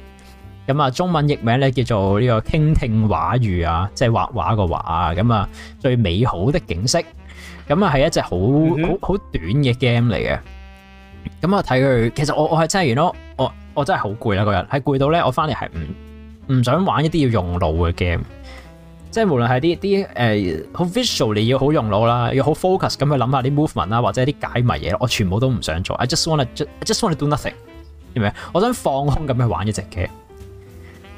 咁啊，中文譯名咧叫做呢個傾聽畫語啊，即係畫畫個畫咁啊，最美好的景色咁啊，係一隻、mm hmm. 好好好短嘅 game 嚟嘅。咁啊，睇佢其實我我係真係完咯，我真 you know, 我，我真係好攰啦，嗰日係攰到咧，我翻嚟係唔唔想玩一啲要用腦嘅 game，即係無論係啲啲誒好、呃、visual，你要好用腦啦，要好 focus 咁去諗下啲 movement 啦、啊，或者啲解謎嘢我全部都唔想做。I just wanna t I just wanna do nothing，知唔知啊？我想放空咁去玩一隻 game。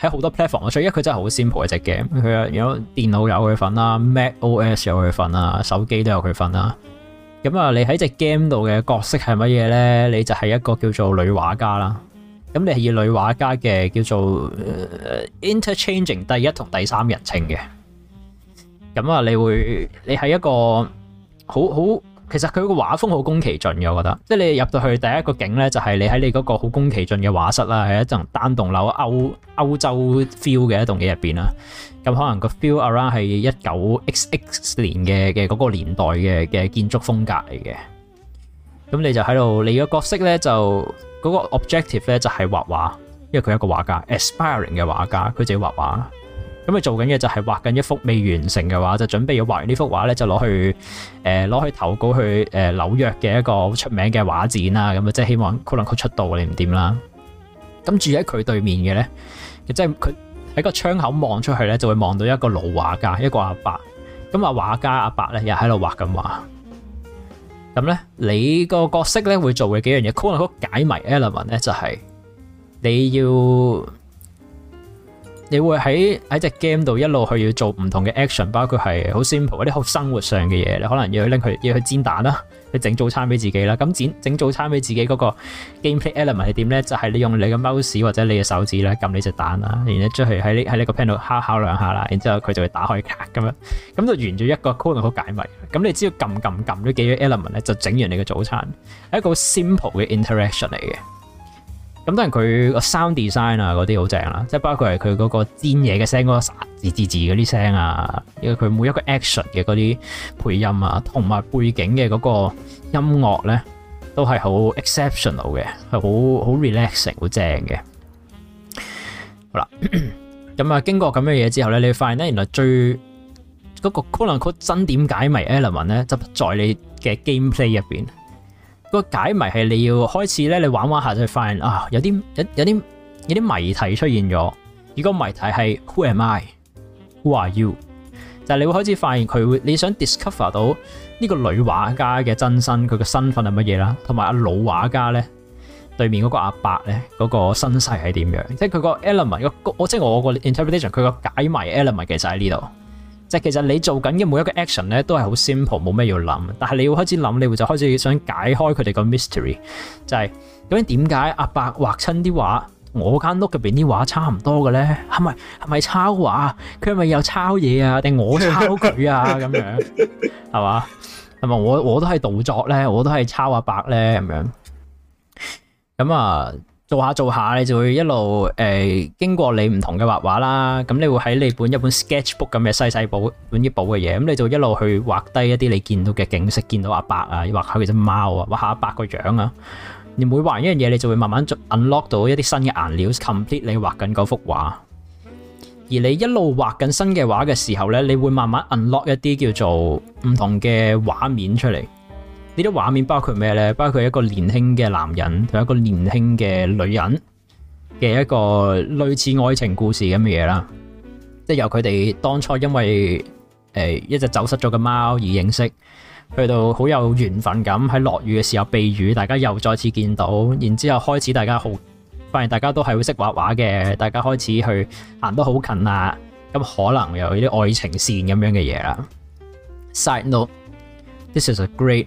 喺好多 platform，所以一佢真係好 simple 一隻 game。佢有電腦有佢份啦，MacOS 有佢份啦，手機都有佢份啦。咁啊，你喺隻 game 度嘅角色係乜嘢咧？你就係一個叫做女畫家啦。咁你係以女畫家嘅叫做 interchanging 第一同第三人稱嘅。咁啊，你會你係一個好好。很其實佢個畫風好宮崎駿嘅，我覺得，即係你入到去第一個景咧，就係你喺你嗰個好宮崎駿嘅畫室啦，係一棟單棟樓歐歐洲 feel 嘅一棟嘢入邊啦。咁可能個 feel around 係一九 XX 年嘅嘅嗰個年代嘅嘅、那個、建築風格嚟嘅。咁你就喺度，你個角色咧就嗰、那個 objective 咧就係畫畫，因為佢係一個畫家，aspiring 嘅畫家，佢自己畫畫。咁佢做緊嘅就係畫緊一幅未完成嘅畫，就準備要畫完幅畫呢幅畫咧，就攞去誒，攞、呃、去投稿去誒紐、呃、約嘅一個好出名嘅畫展啦。咁啊，即係希望 Cool o 能 l 出道，你唔掂啦。咁住喺佢對面嘅咧，即係佢喺個窗口望出去咧，就會望到一個老畫家，一個阿伯。咁阿畫家阿伯咧，又喺度畫緊畫。咁咧，你個角色咧會做嘅幾樣嘢，o 能 l 解迷、就是《e l e m e n t 咧就係你要。你會喺喺隻 game 度一路去要做唔同嘅 action，包括係好 simple 嗰啲好生活上嘅嘢，你可能要去拎佢，要去煎蛋啦，去整早餐俾自己啦。咁整整早餐俾自己嗰個 gameplay element 係點咧？就係、是、你用你嘅 mouse 或者你嘅手指咧，撳你隻蛋啦，然之後出去喺喺個 pan 度敲敲兩下啦，然之後佢就會打開 card 咁樣，咁就完咗一個 code 嘅解密。咁你只要撳撳撳咗幾樣 element 咧，就整完你嘅早餐，係一個好 simple 嘅 interaction 嚟嘅。.咁當然佢個 sound design 啊嗰啲好正啦，即係包括係佢嗰個煎嘢嘅聲，嗰、那個沙滋滋滋嗰啲聲啊，因為佢每一個 action 嘅嗰啲配音啊，同埋背景嘅嗰個音樂咧，都係好 exceptional 嘅，係好好 relaxing，好正嘅。好啦，咁啊 經過咁嘅嘢之後咧，你會發現咧原來最嗰、那個《Call and Call》真點解謎 Element 咧，就喺在你嘅 gameplay 入面。個解謎係你要開始咧，你玩玩下就會發現啊，有啲有有啲有啲謎題出現咗。如果謎題係 Who am I? Who are you?，就係你會開始發現佢會你想 discover 到呢個女畫家嘅真身，佢嘅身份係乜嘢啦？同埋阿老畫家咧，對面嗰個阿伯咧，嗰個身世係點樣？即係佢個 element 個即係我個 interpretation，佢個解謎 element 其實喺呢度。即係其實你做緊嘅每一個 action 咧，都係好 simple，冇咩要諗。但係你要開始諗，你會就開始想解開佢哋個 mystery，就係究竟點解阿伯畫親啲畫，我間屋入邊啲畫差唔多嘅咧？係咪係咪抄畫？佢係咪又抄嘢啊？定我抄佢啊？咁 樣係嘛？係咪我我都係盜作咧？我都係抄阿伯咧？咁樣咁啊？做下做下，你就會一路誒、欸、經過你唔同嘅畫畫啦。咁你會喺你本一本 sketchbook 咁嘅細細簿本啲簿嘅嘢，咁你就一路去畫低一啲你見到嘅景色，見到阿伯啊，畫下佢隻貓啊，畫下阿伯個樣啊。你每畫一樣嘢，你就會慢慢 unlock 到一啲新嘅顏料，complete 你畫緊嗰幅畫。而你一路畫緊新嘅畫嘅時候呢，你會慢慢 unlock 一啲叫做唔同嘅畫面出嚟。呢啲畫面包括咩呢？包括一個年輕嘅男人同一個年輕嘅女人嘅一個類似愛情故事咁嘅嘢啦，即係由佢哋當初因為、欸、一隻走失咗嘅貓而認識，去到好有緣分咁喺落雨嘅時候避雨，大家又再次見到，然之後開始大家好發現大家都係會識畫畫嘅，大家開始去行得好近啊，咁可能有啲愛情線咁樣嘅嘢啦。Side note，this is a great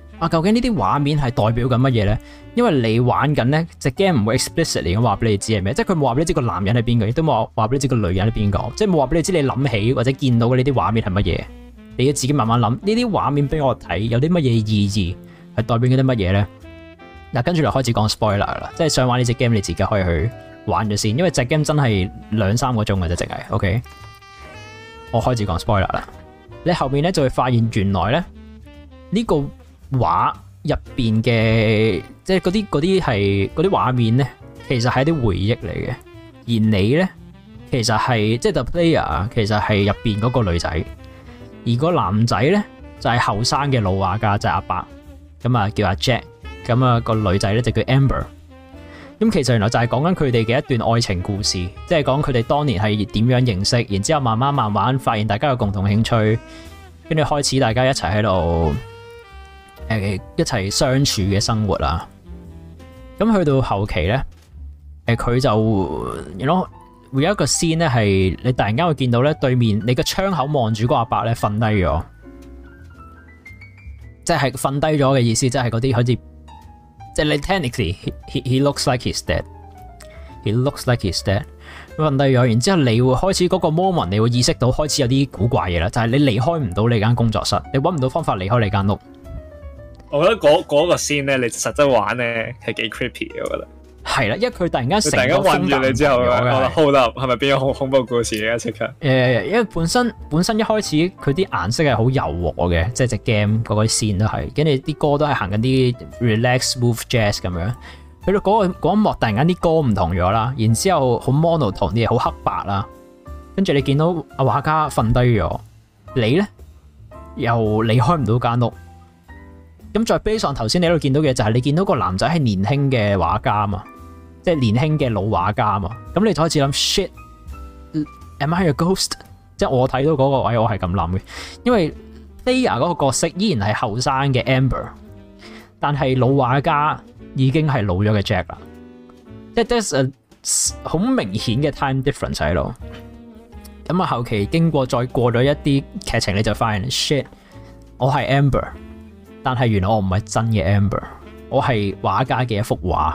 啊，究竟呢啲畫面係代表緊乜嘢呢？因為你玩緊呢隻 game 唔會 explicitly 咁話俾你知係咩，即係佢冇話俾你知個男人係邊個，亦都冇話話俾你知個女人係邊個，即係冇話俾你知你諗起或者見到嘅呢啲畫面係乜嘢，你要自己慢慢諗呢啲畫面俾我睇有啲乜嘢意義，係代表緊啲乜嘢呢？嗱，啊，跟住就開始講 spoiler 啦，即係想玩呢隻 game 你自己可以去玩咗先，因為隻 game 真係兩三個鐘嘅啫，淨係 OK。我開始講 spoiler 啦，你後面呢就會發現原來呢，這個。畫入邊嘅，即係嗰啲嗰啲係嗰啲畫面呢，其實係啲回憶嚟嘅。而你呢，其實係即係 The Player，其實係入邊嗰個女仔。而個男仔呢，就係後生嘅老畫家，就係、是、阿伯，伯。咁啊，叫阿 Jack。咁啊，個女仔呢，就叫 Amber。咁其實原來就係講緊佢哋嘅一段愛情故事，即係講佢哋當年係點樣認識，然後之後慢慢慢慢，發現大家有共同興趣，跟住開始大家一齊喺度。誒，一齊相處嘅生活啦。咁去到後期咧，誒、啊，佢就，如 you 果 know，有一個先咧，係你突然間會見到咧，對面你個窗口望住個阿伯咧，瞓低咗，即係瞓低咗嘅意思，即係嗰啲好似即係 l t e r a l l y he he he looks like he's dead, he looks like he's dead 瞓低咗。然之後你會開始嗰、那個 moment，你會意識到開始有啲古怪嘢啦，就係、是、你離開唔到你間工作室，你搵唔到方法離開你間屋。我覺得嗰嗰、那個線咧，你實質玩咧係幾 creepy，我覺得係啦，因為佢突然間的、啊、成日困住你之後。Hold up，係咪變咗恐怖故事咧？即刻誒，uh, 因為本身本身一開始佢啲顏色係好柔和嘅，即係隻 game 嗰個線都係，跟住啲歌都係行緊啲 relax smooth jazz 咁樣。佢到嗰個一、那個、幕突然間啲歌唔同咗啦，然之後好 monoton 啲嘢，好黑白啦。跟住你見到阿畫家瞓低咗，你咧又你離開唔到間屋。咁再 based on，頭先你喺度見到嘅就係你見到個男仔係年輕嘅畫家嘛，即係年輕嘅老畫家嘛。咁你開始諗 shit，am I a ghost？即係我睇到嗰個位，我係咁諗嘅，因為 Lia 嗰個角色依然係後生嘅 Amber，但係老畫家已經係老咗嘅 Jack 啦。即係 There's a 好明顯嘅 time difference 喺度。咁啊，後期經過再過咗一啲劇情，你就發現 shit，我係 Amber。但係原來我唔係真嘅 Amber，我係畫家嘅一幅畫。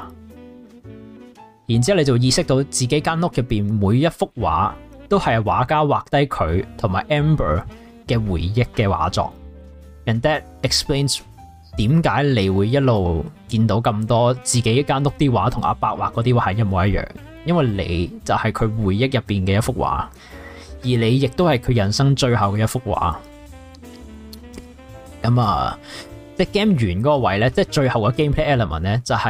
然之後你就意識到自己間屋入邊每一幅畫都係畫家畫低佢同埋 Amber 嘅回憶嘅畫作。And that explains 點解你會一路見到咁多自己間屋啲畫同阿伯畫嗰啲畫係一模一樣，因為你就係佢回憶入邊嘅一幅畫，而你亦都係佢人生最後嘅一幅畫。咁啊～即係 game 完嗰個位咧，即係最後嘅 gameplay element 咧，就係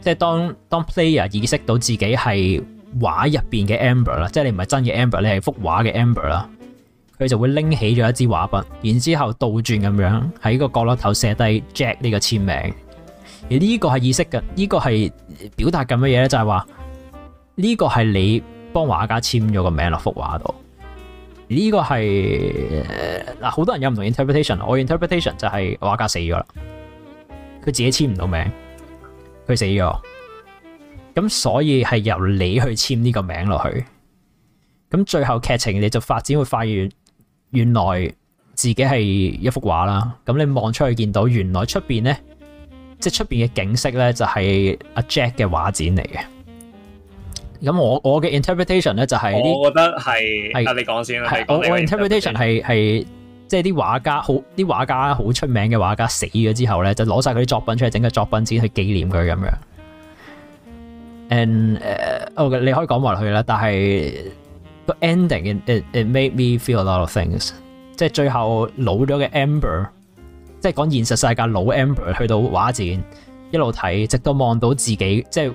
即係當當 player 意識到自己係畫入邊嘅 amber 啦，即係你唔係真嘅 amber，你係幅畫嘅 amber 啦，佢就會拎起咗一支畫筆，然之後倒轉咁樣喺個角落頭寫低 Jack 呢個簽名。而呢個係意識嘅，呢、這個係表達緊乜嘢咧？就係話呢個係你幫畫家簽咗個名落幅畫度。呢個係嗱，好多人有唔同 interpretation。我 interpretation 就係畫家死咗啦，佢自己簽唔到名，佢死咗，咁所以係由你去簽呢個名落去。咁最後劇情你就發展會發現，原來自己係一幅畫啦。咁你望出去見到，原來出邊咧，即係出邊嘅景色咧，就係阿 Jack 嘅畫展嚟嘅。咁我我嘅 interpretation 咧就係、是，我覺得係係是你講先啦，我我 interpretation 係係即係啲畫家好啲畫家,好,畫家好出名嘅畫家死咗之後咧，就攞晒佢啲作品出嚟整個作品展去紀念佢咁樣的。and 誒、uh, okay,，你可以講埋落去啦，但係個 ending it made me feel a lot of things，即係最後老咗嘅 amber，即係講現實世界老 amber 去到畫展一路睇，直到望到自己即係。就是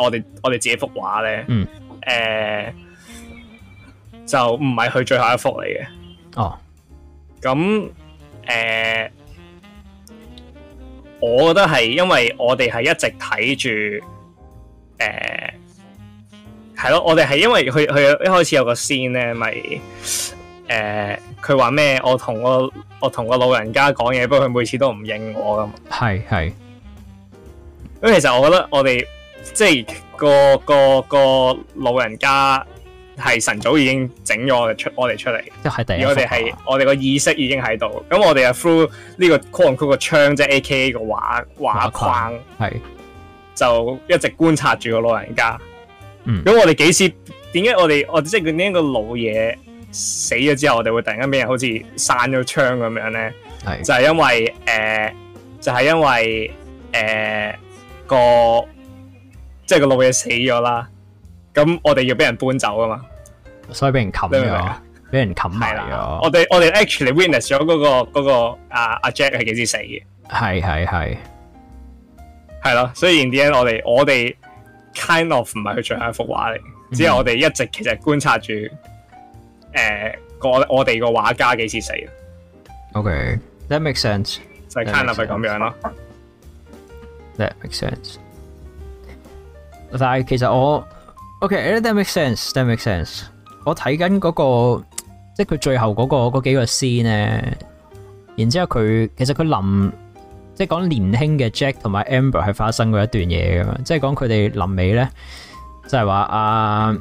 我哋我哋自己幅畫咧，誒、嗯呃，就唔係佢最後一幅嚟嘅哦。咁誒、呃，我覺得係因為我哋係一直睇住，誒、呃，係咯，我哋係因為佢佢一開始有個 scene 咧，咪、就、誒、是，佢話咩？我同個我同個老人家講嘢，不過佢每次都唔應我咁，係係咁。其實我覺得我哋。即係、嗰個個、嗰個老人家係晨早已經整咗出我哋出嚟，第而我哋係我哋個意識已經喺度。咁我哋係 through 呢、這個框框個窗，即係 A K A 個畫畫框，係就一直觀察住個老人家。咁、嗯、我哋幾時？點解我哋我即係呢個老嘢死咗之後，我哋會突然間咩？好似閂咗窗咁樣咧？係就係因為誒、呃，就係、是、因為誒、呃那個。即係個老嘢死咗啦，咁我哋要俾人搬走啊嘛，所以俾人冚咗，俾人冚埋咗。我哋我哋 actually witness 咗嗰個嗰個阿阿 Jack 係幾時死嘅？係係係，係咯，所以然之後我哋我哋 kind of 唔係佢最後一幅畫嚟，嗯、只係我哋一直其實觀察住，誒、呃，個我哋個畫家幾時死 o、okay. k that makes sense。就係 kind of 係咁樣咯。That makes sense。但係其實我，OK，that makes sense，that makes sense。我睇緊嗰個，即係佢最後嗰個嗰幾個 scene 呢，然之後佢其實佢臨，即係講年輕嘅 Jack 同埋 Amber 係發生過一段嘢嘅，即係講佢哋臨尾咧，就係話阿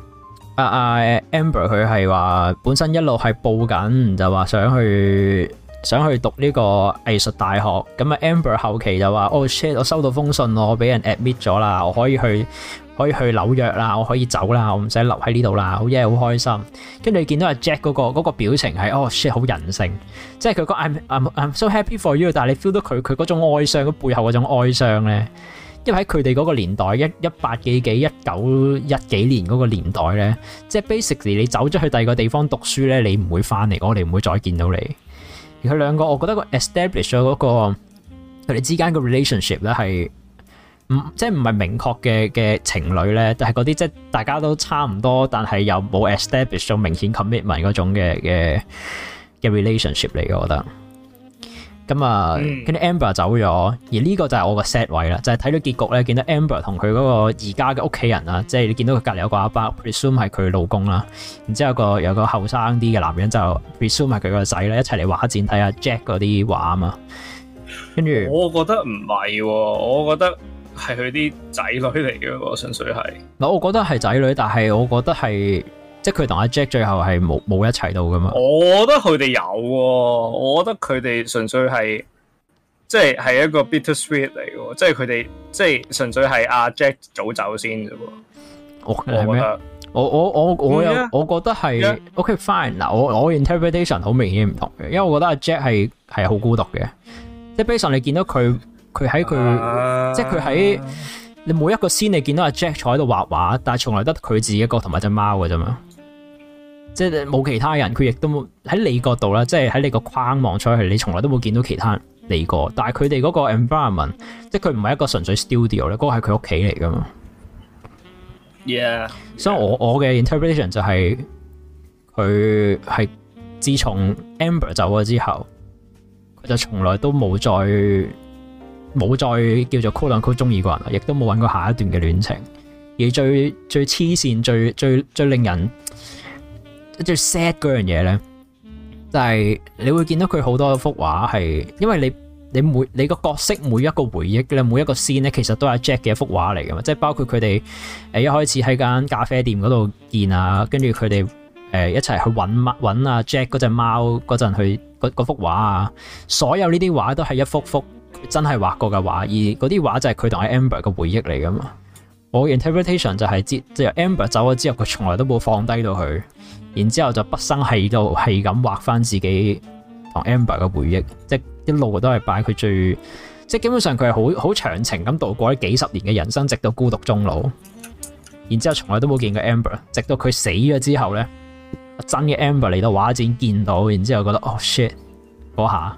阿 Amber 佢係話本身一路係報緊，就話想去想去讀呢個藝術大學。咁啊，Amber 後期就話：哦，shit！我收到封信，我俾人 admit 咗啦，我可以去。可以去紐約啦，我可以走啦，我唔使留喺呢度啦，好嘢，好開心。跟住你見到阿 Jack 嗰、嗰個嗰、嗰個表情係，哦、oh、，shit，好人性，即係佢講，I'm I'm so happy for you，但係你 feel 到佢佢嗰種哀傷嘅背後嗰種哀傷咧，因為喺佢哋嗰個年代，一一八幾幾一九一幾年嗰個年代咧，即係 basically 你走咗去第二個地方讀書咧，你唔會翻嚟，我哋唔會再見到你。而佢兩個，我覺得 estab、嗰個 establish 咗嗰個佢哋之間嘅 relationship 咧係。即係唔係明確嘅嘅情侶咧，就係嗰啲即係大家都差唔多，但係又冇 establish 咗明顯 commitment 嗰種嘅嘅嘅 relationship 嚟。我覺得咁啊，跟住 Amber 走咗，而呢個就係我個 s e t 位啦，就係睇到結局咧，見到 Amber 同佢嗰個而家嘅屋企人啊，即係你見到佢隔籬有個阿伯，presume 係佢老公啦，然之後個有個後生啲嘅男人就 presume 係佢個仔咧，一齊嚟畫展睇下 Jack 嗰啲畫啊嘛，跟住我覺得唔係，我覺得。係佢啲仔女嚟嘅，我純粹係。嗱，我覺得係仔女，但係我覺得係，即係佢同阿 Jack 最後係冇冇一齊到㗎嘛。我覺得佢哋有，我覺得佢哋純粹係，即係係一個 bitter sweet 嚟嘅，即係佢哋即係純粹係阿 Jack 早走先啫。我我我我我有我覺得係。Okay，fine 嗱，我我 interpretation 好明顯唔同嘅，因為我覺得阿 Jack 係係好孤獨嘅，即係 basically 你見到佢。佢喺佢，他他 uh、即係佢喺你每一個 scene，你見到阿 Jack 坐喺度畫畫，但係從來得佢自己一個同埋隻貓嘅啫嘛，即係你冇其他人。佢亦都冇，喺你角度啦，即係喺你個框望出去，你從來都冇見到其他人嚟個。但係佢哋嗰個 environment，即係佢唔係一個純粹 studio 咧，嗰個係佢屋企嚟噶嘛。yeah，, yeah. 所以我我嘅 interpretation 就係佢係自從 Amber 走咗之後，佢就從來都冇再。冇再叫做 quote unquote 中意過人，亦都冇搵過下一段嘅戀情。而最最黐線、最最最，最令人最 sad 嗰樣嘢咧，就係、是、你會見到佢好多幅畫係，因為你你每你個角色每一個回憶咧，每一個線咧，其實都係 Jack 嘅一幅畫嚟噶嘛。即、就、係、是、包括佢哋誒一開始喺間咖啡店嗰度見、呃、啊，跟住佢哋誒一齊去搵阿 Jack 嗰隻貓嗰陣去嗰幅畫啊，所有呢啲畫都係一幅一幅。真係畫過嘅畫，而嗰啲畫就係佢同阿 Amber 嘅回憶嚟噶嘛？我嘅 interpretation 就係知，即係 Amber 走咗之後，佢從來都冇放低到佢，然之後就不生係到係咁畫翻自己同 Amber 嘅回憶，即一路都係擺佢最，即係基本上佢係好好長情咁度過咗幾十年嘅人生，直到孤獨終老。然之後從來都冇見過 Amber，直到佢死咗之後咧，真嘅 Amber 嚟到畫展見到，然之後覺得哦，shit 嗰下。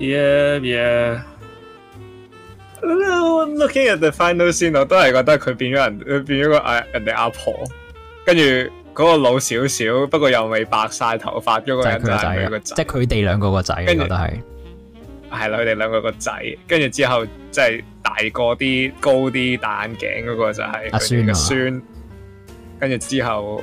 yeah yeah，looking at the final scene，我都係覺得佢變咗人，佢變咗個阿人哋阿婆，跟住嗰個老少少，不過又未白晒頭髮嗰個人就係個仔，即係佢哋兩個個仔，跟住都係係啦，佢哋兩個個仔，跟住之後即係大個啲、高啲、戴眼鏡嗰個就係阿孫啊，孫，跟住之後。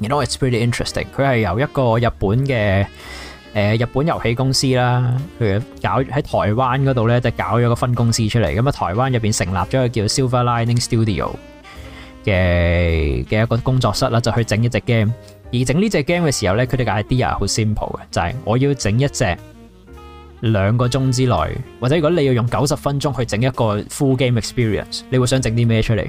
You know it's pretty interesting。佢係由一個日本嘅誒日本遊戲公司啦，佢搞喺台灣嗰度咧，就搞咗個分公司出嚟。咁啊，台灣入邊成立咗個叫 Silver Lining Studio 嘅嘅一個工作室啦，就去整一隻 game。而整呢隻 game 嘅時候咧，佢哋嘅 idea 好 simple 嘅，就係我要整一隻兩個鐘之內，或者如果你要用九十分鐘去整一個 full game experience，你會想整啲咩出嚟？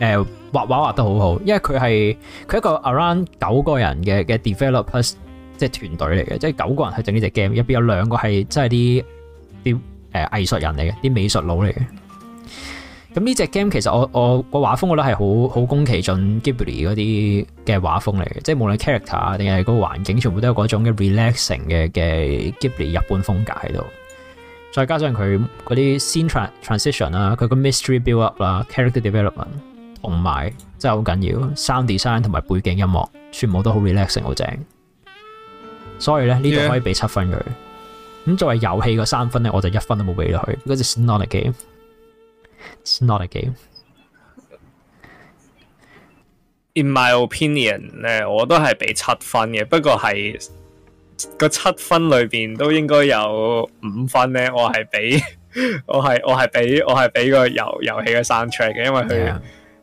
誒、呃、畫畫畫得好好，因為佢係佢一個 around 九個人嘅嘅 developers 即係團隊嚟嘅，即係九個人去整呢隻 game。入面有兩個係真係啲啲誒藝術人嚟嘅，啲美術佬嚟嘅。咁呢隻 game 其實我我個畫風我覺得係好好宮崎駿 Ghibli 嗰啲嘅畫風嚟嘅，即係無論 character 定係個環境，全部都有嗰種嘅 relaxing 嘅嘅 Ghibli 日本風格喺度。再加上佢嗰啲 scene transition 啊，佢個 mystery build up character development。同埋、oh、真係好緊要 sound design 同埋背景音樂全部都好 relaxing，好正。所以咧呢度可以俾七分佢。咁 Yeah. 作為遊戲個三分咧，我就一分都冇俾落去。嗰隻 non-logic，non-logic。In my opinion 咧，我都係俾七分嘅，不過係個七分裏邊都應該有五分咧，我係俾，我係我係俾，我係俾個遊遊戲嘅 sound track 嘅，因為佢。Yeah.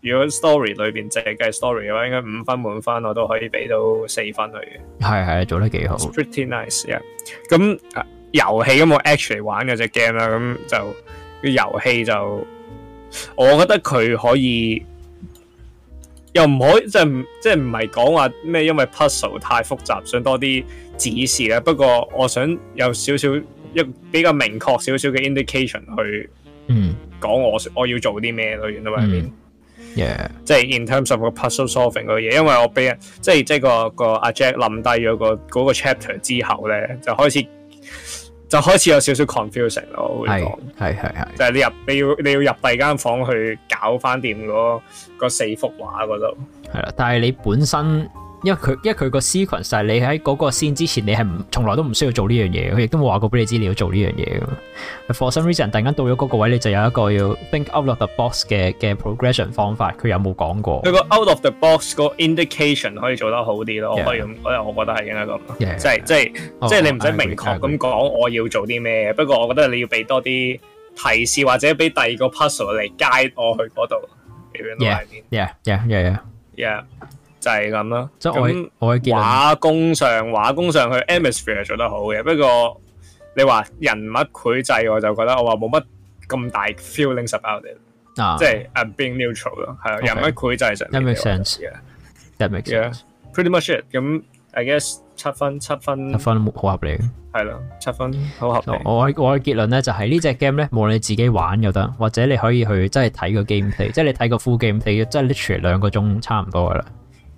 如果 story 裏邊淨係計 story 嘅話，應該五分滿分我都可以俾到四分去嘅。係係啊，做得幾好。Pretty nice，咁遊戲，咁我 actually 玩嗰隻 game 啦，咁就遊戲就我覺得佢可以又唔可以即係即係唔係講話咩？因為 puzzle 太複雜，想多啲指示咧。不過我想有少少一比較明確少少嘅 indication 去嗯講我我要做啲咩咯，原來入邊。嗯 Yeah. 即係 in terms of 個 puzzle solving 個嘢，因為我俾人即係即係個個阿 Jack 冧低咗個嗰、嗰個 chapter 之後咧，就開始就開始有少少 confusing 咯，我會講係係係，就係你入你要你要入第二間房去搞翻掂嗰四幅畫嗰度係啦，但係你本身。因為佢因為佢個 sequence，你喺嗰個先之前你，你係唔從來都唔需要做呢樣嘢，佢亦都冇話過俾你知道你要做呢樣嘢。For some reason，突然間到咗嗰個位置，你就有一個要 think out of the box 嘅嘅 progression 方法。佢有冇講過？佢個 out of the box 個 indication 可以做得好啲咯。Yeah. 我可以，我我覺得係應該咁，即係即係即係你唔使明確咁講我要做啲咩。Uh, 不過我覺得你要俾多啲提示或者俾第二個 puzzle 嚟 guide 我去嗰度。Yeah, yeah, yeah, yeah, yeah. 就係咁咯，即係我我嘅畫工上畫工上去 em 做得好嘅，不過你話人物繪製，我就覺得我話冇乜咁大 feeling about it 即係 I'm being neutral 咯。係啊，人物繪製上 pretty much 咁 i guess 七分七分七分好合理嘅，係七分好合理。我我嘅結論咧就係呢隻 game 咧無論你自己玩又得，或者你可以去真係睇個 game 即係你睇個副 game 即係 literally 兩個鐘差唔多噶啦